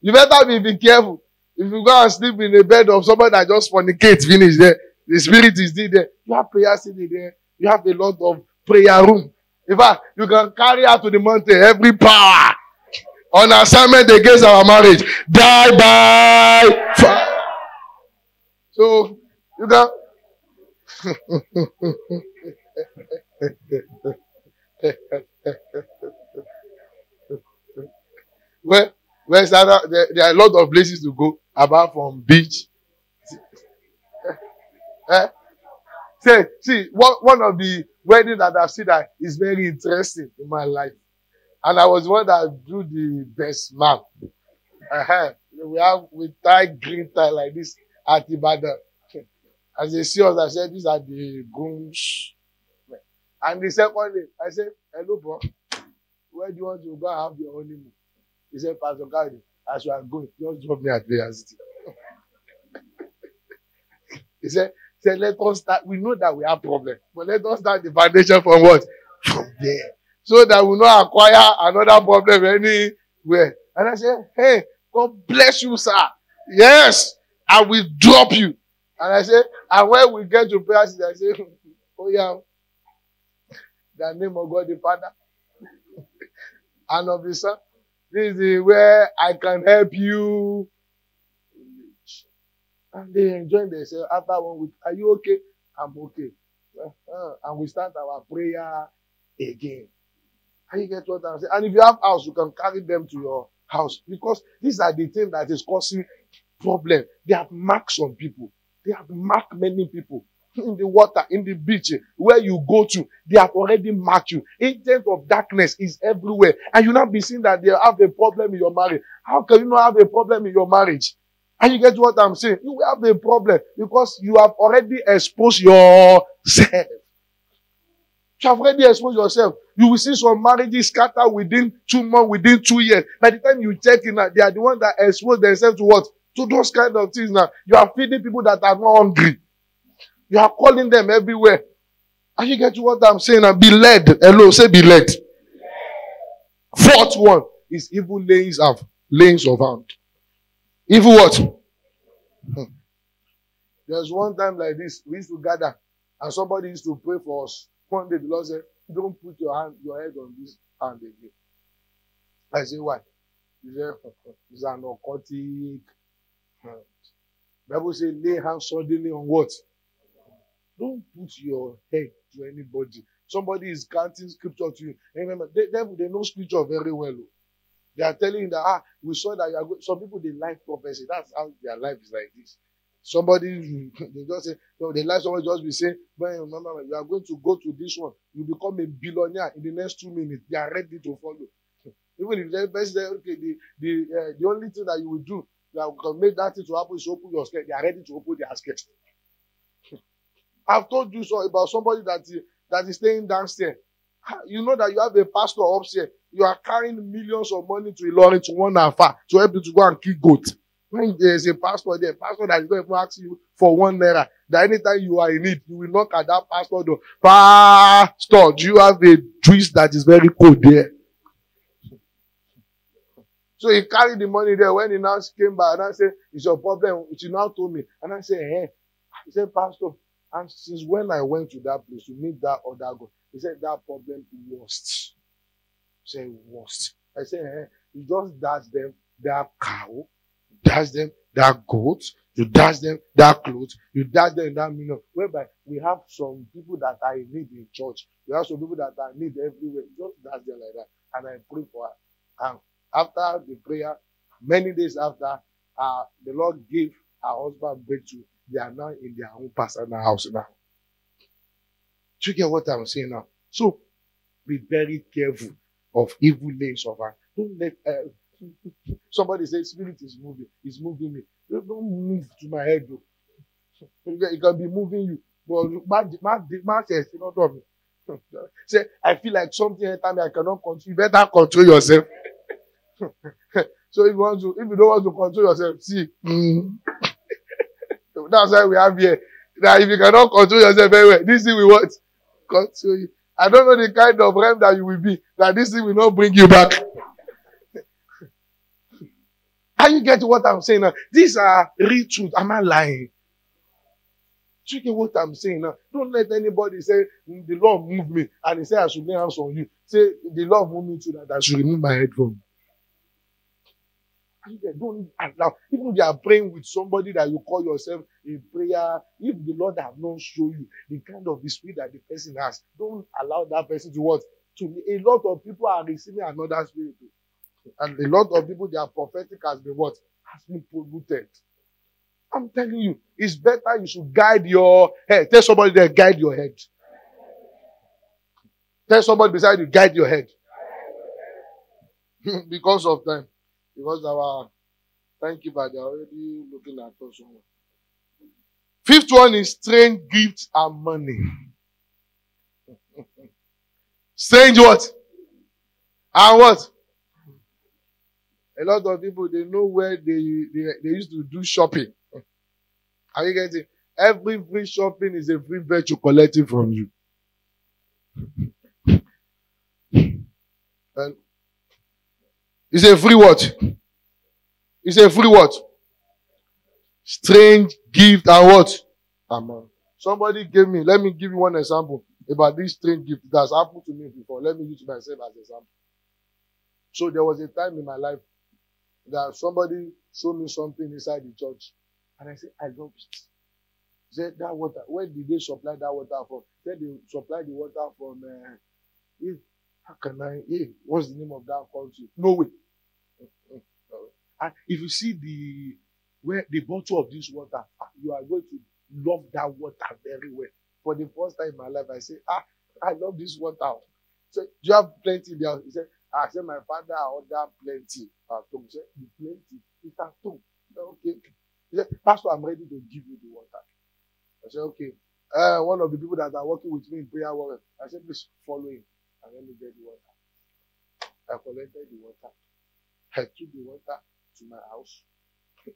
You better be, be careful. If you go and sleep in a bed of somebody that just fornicates, finish there. The spirit is still there. You have prayer sitting there. You have a lot of prayer room. In fact, you can carry out to the mountain every power on assignment against our marriage. Die by fire. So you can. well, West Arab, there, there are a lot of places to go apart from beach. Eh? eh? Say, see, one, one of the wedding that I've seen that is very interesting in my life. And I was one that drew the best man. Uh-huh. We have we tie green tie like this at the Ibadan. As they see us, I said, these are the grooms. And the second day, I said, hello, bro, Where do you want to go have your honeymoon? He said, Pastor Gowdy, as you are going, just drop me at prayer city. he said, "Say let us start. We know that we have problem, but let us start the foundation from what? From there. So that we not acquire another problem anywhere. And I said, hey, God bless you, sir. Yes, I will drop you. And I said, and when we get to prayer I said, oh yeah, the name of God the Father and of the Son This is where I can help you. And they enjoy themselves after one week. Are you okay? I'm okay. Uh-huh. And we start our prayer again. And you get what I'm saying? And if you have house, you can carry them to your house because these are the things that is causing problem. They have marks on people. They have marked many people in the water, in the beach, where you go to, they have already marked you. Agent of darkness is everywhere. And you not be seeing that they have a problem in your marriage. How can you not have a problem in your marriage? And you get what I'm saying? You have a problem because you have already exposed yourself. You have already exposed yourself. You will see some marriages scatter within two months, within two years. By the time you check in, they are the ones that expose themselves to what? To those kind of things now. You are feeding people that are not hungry. You are calling them everywhere. Are you getting what I'm saying? And be led. Hello, say be led. Fourth one is evil layings of layings of hand. Evil what? Hmm. There's one time like this, we used to gather and somebody used to pray for us. One day the Lord said, Don't put your hand, your head on this hand again. I say, Why? He said, It's an occultic hand. Bible says, lay hands suddenly on what? Don't put your head to anybody. Somebody is counting scripture to you. remember, they, they, they know scripture very well. Oh. They are telling you that ah, we saw that you are good. Some people they like prophecy. That's how their life is like this. Somebody they just say, no, they like Somebody just be saying, well, remember, you are going to go to this one. You become a billionaire in the next two minutes. They are ready to follow. Even if they say, okay, the the, uh, the only thing that you will do that can make that thing to happen is open your skirt. They are ready to open their skirt. I've told you so about somebody that is, that is staying downstairs. You know that you have a pastor upstairs. You are carrying millions of money to Ilorin to one alpha to help you to go and kill goat. When there's a pastor there, pastor that is going to ask you for one naira, that anytime you are in need, you will knock at that pastor door. Pastor, do you have a juice that is very cold there? So he carried the money there. When he now came back and I said, It's your problem. She now told me. And I said, Hey, eh. he said, Pastor, and since when I went to that place to meet that other God, he said that problem worst. Say worst. I said, eh, you just dash them that cow, dash them that goat, you dash them that clothes, you dash them that million. Whereby we have some people that I need in church. We have some people that I need everywhere. Just dash them like that. And I pray for her. And after the prayer, many days after, uh, the Lord gave her husband breakthrough They are now in their own personal house now. Do you get what I'm saying now? So be very careful of evil names of our. Don't let uh, somebody say spirit is moving, it's moving me. Don't move to my head though. It can be moving you. But mark mark test in order of me. Say, I feel like something entered me, I cannot control. You better control yourself. so if you want to, if you don't want to control yourself, see. Mm. That's why we have here. That if you cannot control yourself very well, this thing will what? Control you. I don't know the kind of realm that you will be, that this thing will not bring you back. Are you getting what I'm saying now? These are real truth. Am I lying? Check what I'm saying now. Don't let anybody say, mm, the Lord moved me, and he said, I should lay hands on you. Say, the Lord moved me to that I should remove my head headphone they don't allow even you are praying with somebody that you call yourself in prayer if the lord have not show you the kind of the spirit that the person has don't allow that person to what to a lot of people are receiving another spirit and a lot of people their prophetic has been what has been polluted i'm telling you it's better you should guide your head tell somebody there guide your head tell somebody beside you guide your head because of them because our thank you, but they're already looking at us. Fifth one is strange gifts and money. strange what? And what? A lot of people they know where they they, they used to do shopping. Are you getting? Every free shopping is a free virtue collecting from you. and It's a free what? It's a free what? Strange gift and what? Amen. Somebody gave me, let me give you one example about this strange gift that's happened to me before. Let me use myself as an example. So there was a time in my life that somebody showed me something inside the church. And I said, I love it. said, that water, where did they supply that water from? said, they supply the water from uh, How can I? Hey, what's the name of that country? No way. Mm-hmm. And if you see the where the bottle of this water, ah, you are going to love that water very well. For the first time in my life, I say, ah, I love this water. So you have plenty there? He said, I ah, said, my father ordered plenty. I told him, the plenty. He said, Okay. He said, Pastor, I'm ready to give you the water. I said, okay. Uh, one of the people that are working with me in prayer, I said, please follow him. I rented the water. I collected the water. I took the water to my house.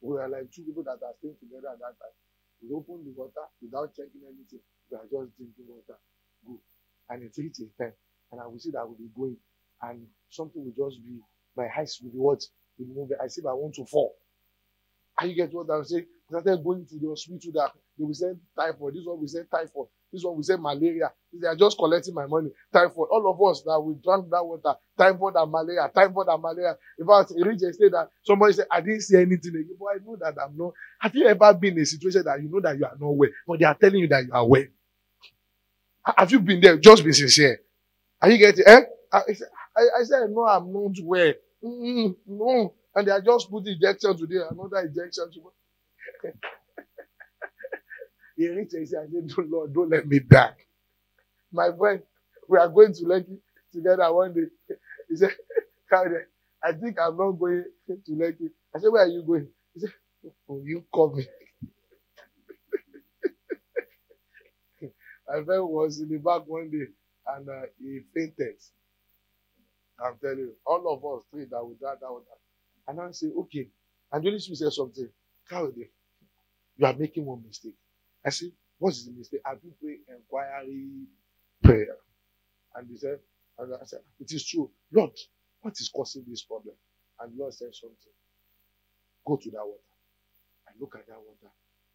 We are like two people that are staying together at that time. We opened the water without checking anything. We are just drinking water. Go. And it's reached a time. And I will see that we'll be going. And something will just be, my eyes will be what? Will be moving. I see I want to fall. And you get what I'm saying? Because I'm going to the hospital that they will say typhoid. This one will say typhoid. This one we say malaria. They are just collecting my money. Time for All of us that we drank that water, Time for that malaria, Time for that malaria. In fact, it reached a state that somebody said, I didn't see anything again, but I know that I'm not. Have you ever been in a situation that you know that you are not well, but they are telling you that you are well? Have you been there? Just be sincere. Are you getting eh? I, I, said, no, I'm not well. Mm-mm, no. And they are just putting injection today, another injection tomorrow. He reached and he said, don't, Lord, don't let me die. My friend, we are going to Lekki together one day. He said, I think I'm not going to Lekki. I said, Where are you going? He said, Oh, you coming. My friend was in the back one day and uh, he fainted. I'm telling you, all of us three that would that, that would that. And I say, okay. And the Holy Spirit said something. Coward, you are making one mistake. I said, "What is the mistake? I do pray inquiry prayer? And he said, and I said, It is true. Lord, what is causing this problem? And Lord said something. Go to that water. I look at that water.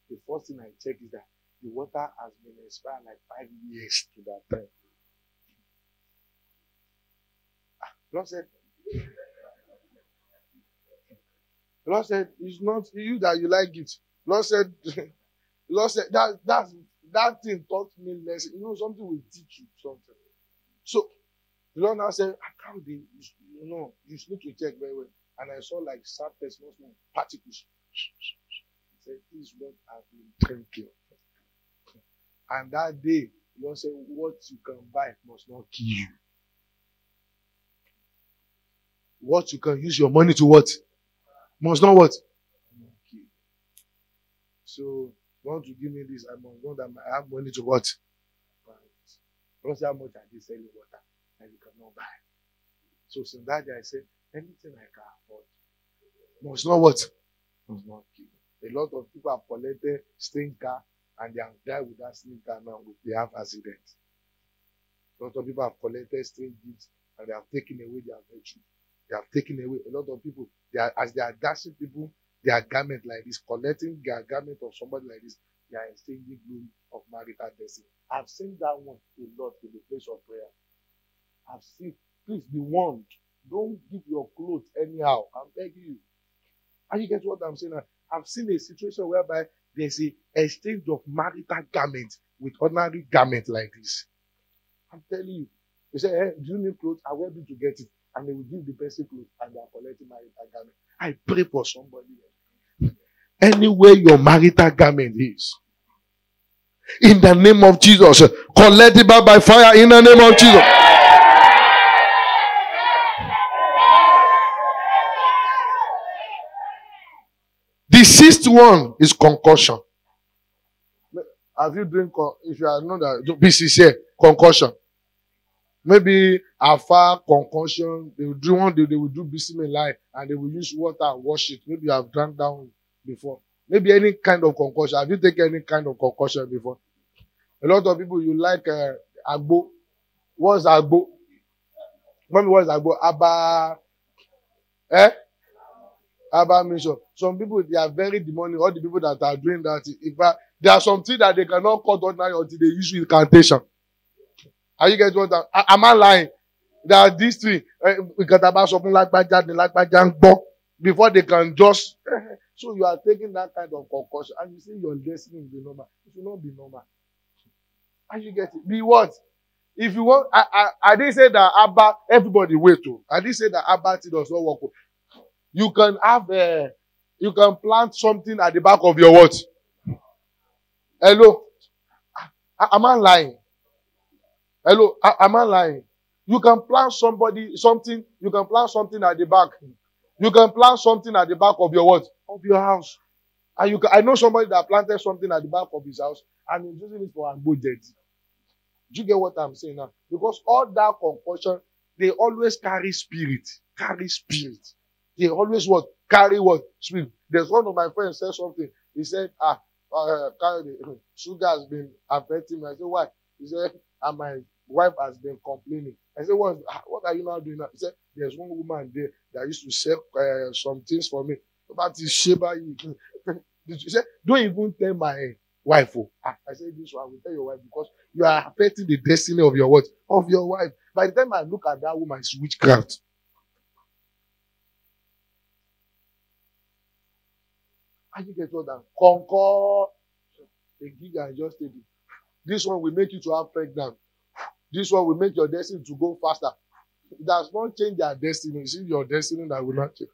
The first thing I check is that the water has been expired like five years to that time. Ah, Lord said, Lord said, It's not you that you like it. Lord said, The Lord said that that that thing taught me lesson. You know, something will teach you something. So the Lord now said, I can't be. You know, you need to check very well. And I saw like surface, not small particles. He said, "This is what I've been thinking." And that day, the Lord said, "What you can buy must not kill you." What you can use your money to what must not what. So want to give me this, I must know that I have money to what? Plus how much are they selling water and you cannot buy. So since that day I said, anything I can afford must not what? Must not give. A lot of people have collected stinker and they have died with that stinker now they have accident. A lot of people have collected strange gifts and they have taken away their virtue. They have taken away a lot of people. They are, as they are dashing people their garment like this, collecting their garment of somebody like this, they are exchanging glory of marital destiny. I've seen that one a lot in the place of prayer. I've seen, please be warned. Don't give your clothes anyhow. I'm begging you. And you get what I'm saying? I've seen a situation whereby there's a exchange of marital garment with ordinary garment like this. I'm telling you. You say, hey, eh, do you need clothes? I will be to get it. And they will give the person clothes and they are collecting marital garment. I pray for somebody. Anywhere your marital garment is. In the name of Jesus. Collect it by fire in the name of Jesus. The sixth one is concussion. Have you drink? If you are not, be sincere. Concussion maybe Alpha concussion, they will do one day, they will do Bismillah and they will use water and wash it. Maybe you have drunk down before. Maybe any kind of concussion. Have you taken any kind of concussion before? A lot of people, you like uh, agbo. What's agbo? Maybe what's agbo? Abba. Eh? Abba mission. Some people, they are very demonic. All the people that are doing that, in fact, there are some things that they cannot cut ordinary until they use incantation. Are you guys what I'm Am I lying? There are these three, eh, nǹkan tá a bá sọ fún lágbájá like by ń gbọ́ before they can just. so you are taking that kind of concussion and you say your destiny is be normal. It will not be normal. Are you getting Be what? If you want, I, I, I didn't say that Abba, everybody wait to. Oh. I didn't say that Abba does not work. Oh. You can have, uh, you can plant something at the back of your what? Hello? Ah, am I lying? Hello, I, am I lying? You can plant somebody something. You can plant something at the back. You can plant something at the back of your what? Of your house. And you can, I know somebody that planted something at the back of his house and he's using it for budget. Do you get what I'm saying now? Because all that concoction, they always carry spirit. Carry spirit. They always what? Carry what? Spirit. There's one of my friends said something. He said, ah, uh, sugar has been affecting me. I said, why? He said, I ah, might wife has been complaining. I said, what, what are you now doing now? He said, there's one woman there that used to sell uh, some things for me. About this Sheba, he said, don't even tell my wife. Oh. Ah, I said, this one, I will tell your wife because you are affecting the destiny of your what? Of your wife. By the time I look at that woman, it's witchcraft. And you get all that? Concord. a gig and just take it. This one will make you to have pregnant. This one will make your destiny to go faster. It does not change their destiny. It's your destiny that will not change.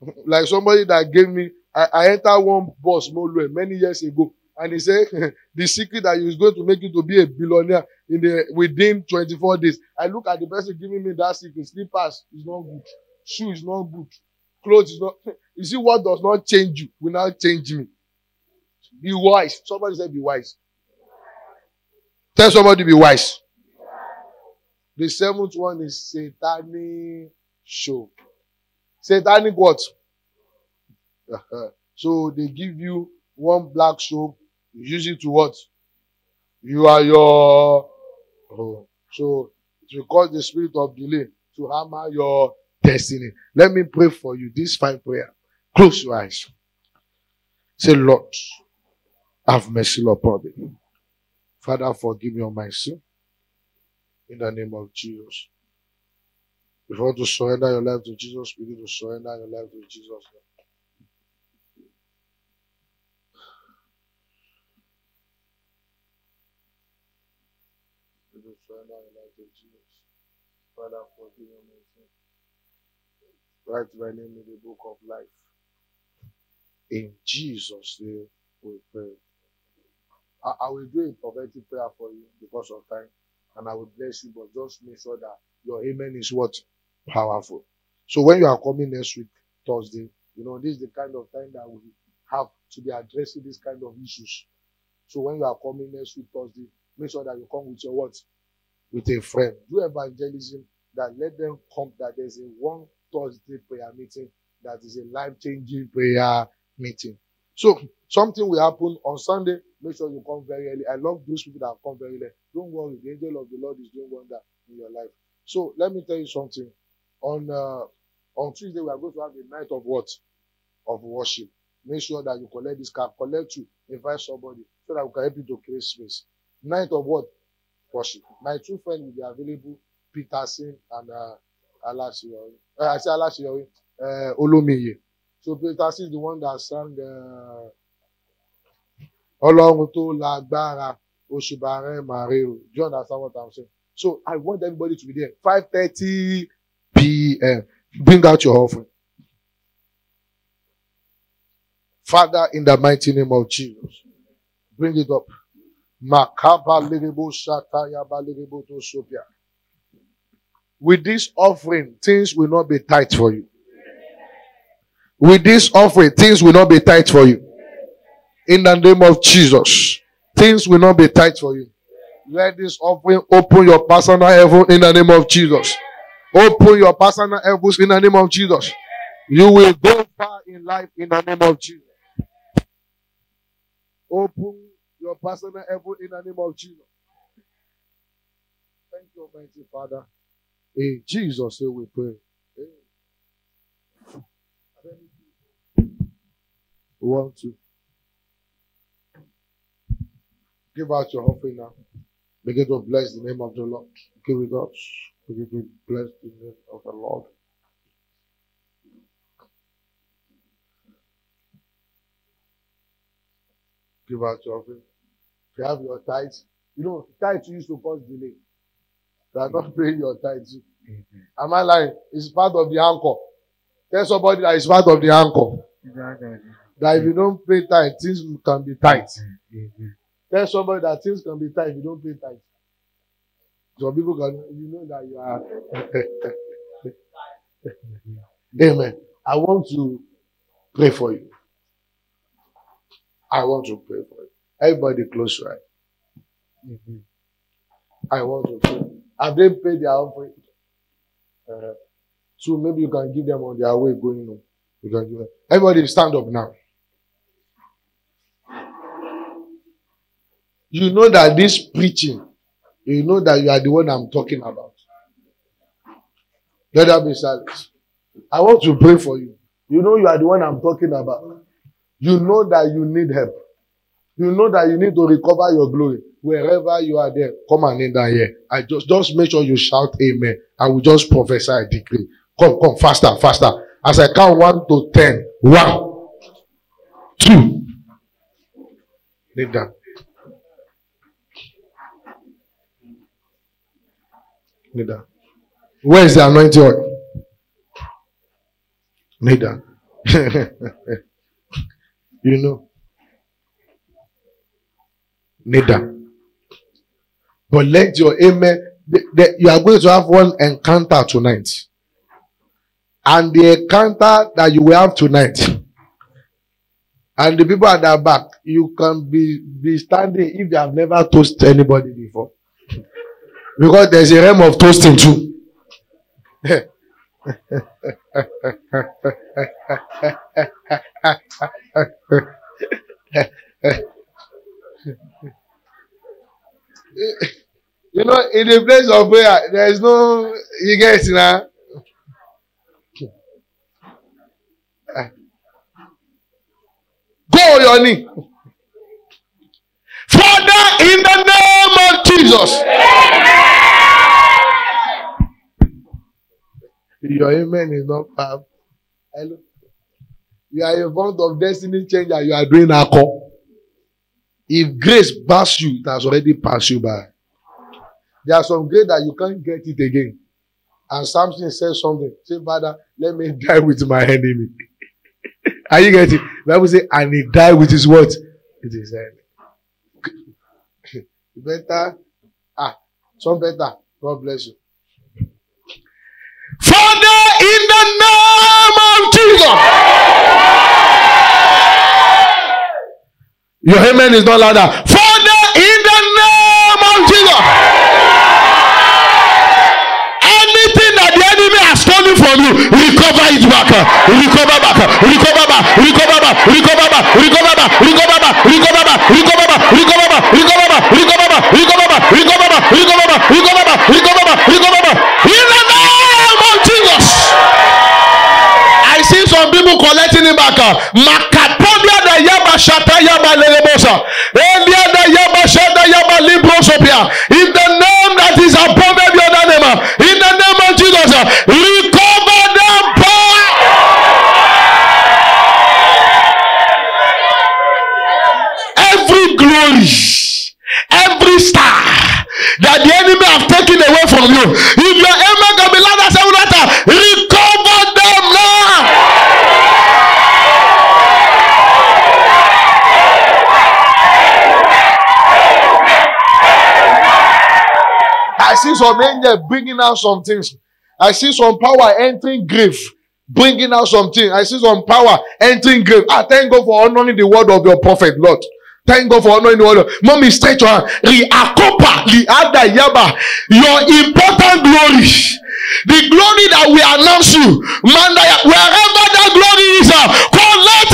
like somebody that gave me, I, I entered one boss Molue many years ago, and he said the secret that is going to make you to be a billionaire in the within 24 days. I look at the person giving me that secret. Slippers is not good. Shoe is not good. Clothes is not. you see, what does not change you will not change me. Be wise. Somebody said, Be wise. Tell somebody to be wise. The seventh one is satanic show. Satanic what? so they give you one black soap, you use it to what? You are your. Oh. So it will cause the spirit of delay to hammer your destiny. Let me pray for you this fine prayer. Close your eyes. Say, Lord, have mercy upon me. Father, forgive me of my sin. in the name of Jesus. If you want to surrender your life to Jesus, begin to surrender your life to Jesus. to surrender your life to Jesus. Father, forgive me. Write my name in the book of life. In Jesus' name we pray. I, I will do a prophetic prayer for you because of time. and I will bless you, but just make sure that your amen is what? Powerful. So when you are coming next week, Thursday, you know, this is the kind of time that we have to be addressing this kind of issues. So when you are coming next week, Thursday, make sure that you come with your what? With a friend. Do evangelism that let them come that there's a one Thursday prayer meeting that is a life-changing prayer meeting. So Something will happen on Sunday. Make sure you come very early. I love those people that come very late. Don't worry, the angel of the Lord is doing wonder in your life. So let me tell you something. On uh, on Tuesday, we are going to have a night of what? Of worship. Make sure that you collect this card, collect you, invite somebody so that we can help you to create space. Night of what? Worship. My two friends will be available, Peterson and uh, Alasiyori. Uh, I say Alasiyori, uh, Olomiye. So Peterson is the one that sang uh, Ọlọ́run tó lágbára òṣùbà rẹ̀ màrí Do you understand what I'm saying? So I want everybody to be there five thirty p.m. Bring out your offering. Father, in the mighty name of Jesus, bring it up. With this offering, things will not be tight for you. With this offering, things will not be tight for you. In the name of Jesus, things will not be tight for you. Let this open, open your personal heaven in the name of Jesus. Open your personal heavens in the name of Jesus. You will go far in life in the name of Jesus. Open your personal heaven in the name of Jesus. Thank you, Almighty Father. In Jesus' name we pray. Amen. One, two. Give out your offering now. Begin to bless the name of the Lord. Give it up. Begin to bless the name of the Lord. Give out your offering. If you have your tithes, you know, tithes used to cause delay. They are not paying your tithes. Mm-hmm. Am I lying? It's part of the anchor. Tell somebody that it's part of the anchor. That if you don't pay tithe, things can be tight. Mm-hmm. Tell somebody that things can be tight if you don't pay tight. Some people can, you know that you are. Amen. I want to pray for you. I want to pray for you. Everybody close right. Mm-hmm. I want to pray. Have they paid their offering? Uh, so maybe you can give them on their way going home. You can give them. Everybody stand up now. you know that this preaching, you know that you are the one I'm talking about. Let that be silent. I want to pray for you. You know you are the one I'm talking about. You know that you need help. You know that you need to recover your glory. Wherever you are there, come and enter here. I just, just make sure you shout amen. I will just prophesy a decree. Come, come, faster, faster. As I count one to ten. One, two. Kneel down. Neither. Where is the anointing oil? Neither. you know. Neither. But let your amen. The, the, you are going to have one encounter tonight. And the encounter that you will have tonight. And the people at the back, you can be, be standing if you have never toasted anybody before. because there's a realm of toasting too. you know, in the place of prayer, there is no, you get it now. your amen is not powerful. Hello. You are a bond of destiny changer. You are doing accord. If grace passed you, it has already passed you by. There are some grace that you can't get it again. And Samson says something. Say, Father, let me die with my enemy. are you getting? The Bible says, and he died with his what? With his enemy. better. Ah, some better. God bless you. Father, in the name of Jesus. Your amen is not louder. Father, in the name of Jesus. Anything that the enemy has stolen from you, recover it back. Recover back. Recover back. Recover back. Recover back. Recover back. Recover back. Recover back. Recover back. Recover back. Recover back. Recover back. Recover back. Recover back. Recover back. Recover back. Recover back. Recover back. even collecting it back. Uh, Makapodia da yaba shata yaba lelebosa. Elia da yaba shata yaba librosopia. In the name that is above every other name. Uh, in the name of Jesus. Uh, recover them power. Every glory. Every star that the enemy have taken away from you. If your Amen. I see some angel bringing out some things. I see some power entering grief, bringing out something. I see some power entering grief. I ah, thank God for honoring the word of your prophet, Lord. Thank God for honoring the word. Mommy, stretch your hand. Your important glory. The glory that we announce you. Mandaya, wherever that glory is, ah, connect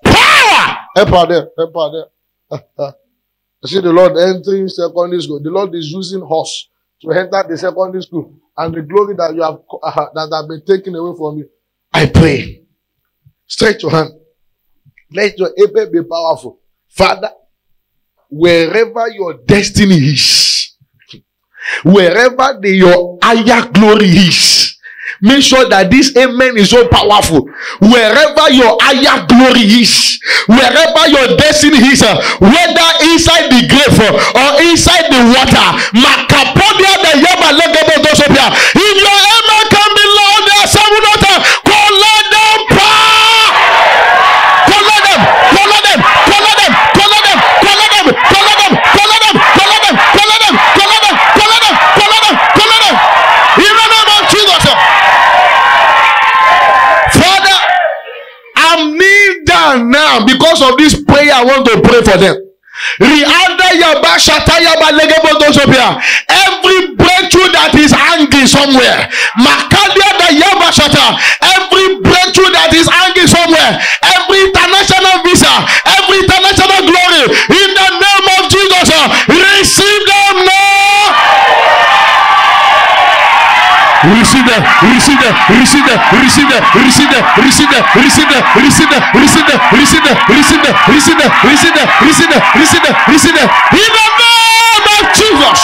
Help her there. Help her there. I see the Lord entering secondary school. The Lord is using horse to enter the secondary school and the glory that you have uh, that have been taken away from you. I pray. Stretch your hand. Let your apple be powerful. Father, wherever your destiny is, wherever the, your higher glory is, Make sure that this amen is so powerful. Wherever your higher glory is, wherever your destiny is, uh, whether inside the grave uh, or inside the water, Makapodia the Yama Legabo Dosopia, If your amen can be Lord, there are some and now because of this prayer i want to pray for them every breakthrough that is angry somewhere every breakthrough that is angry somewhere every international visa every international glory in the name of jesus receive them now receive that, receive that, receive that, receive that, receive that, receive that, receive that, receive that, receive that, receive that, receive that, receive that, receive that, receive that, receive that, receive that. In the name of Jesus,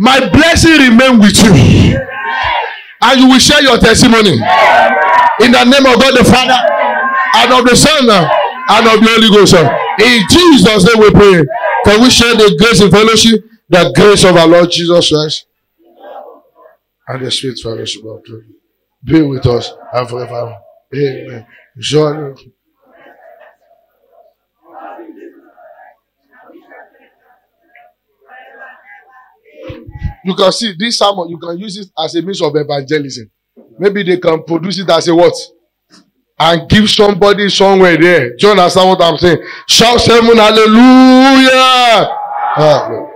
my blessing remain with you, and you will share your testimony. In the name of God the Father, and of the Son, and of the Holy Ghost. In Jesus' name we pray. Can we share the grace and fellowship? The grace of our Lord Jesus Christ and the sweet fellowship of the be with us and forever. Amen. Surely. You can see this sermon, you can use it as a means of evangelism. Maybe they can produce it as a what? And give somebody somewhere there. Do you understand what I'm saying? Shout seven hallelujah. hallelujah.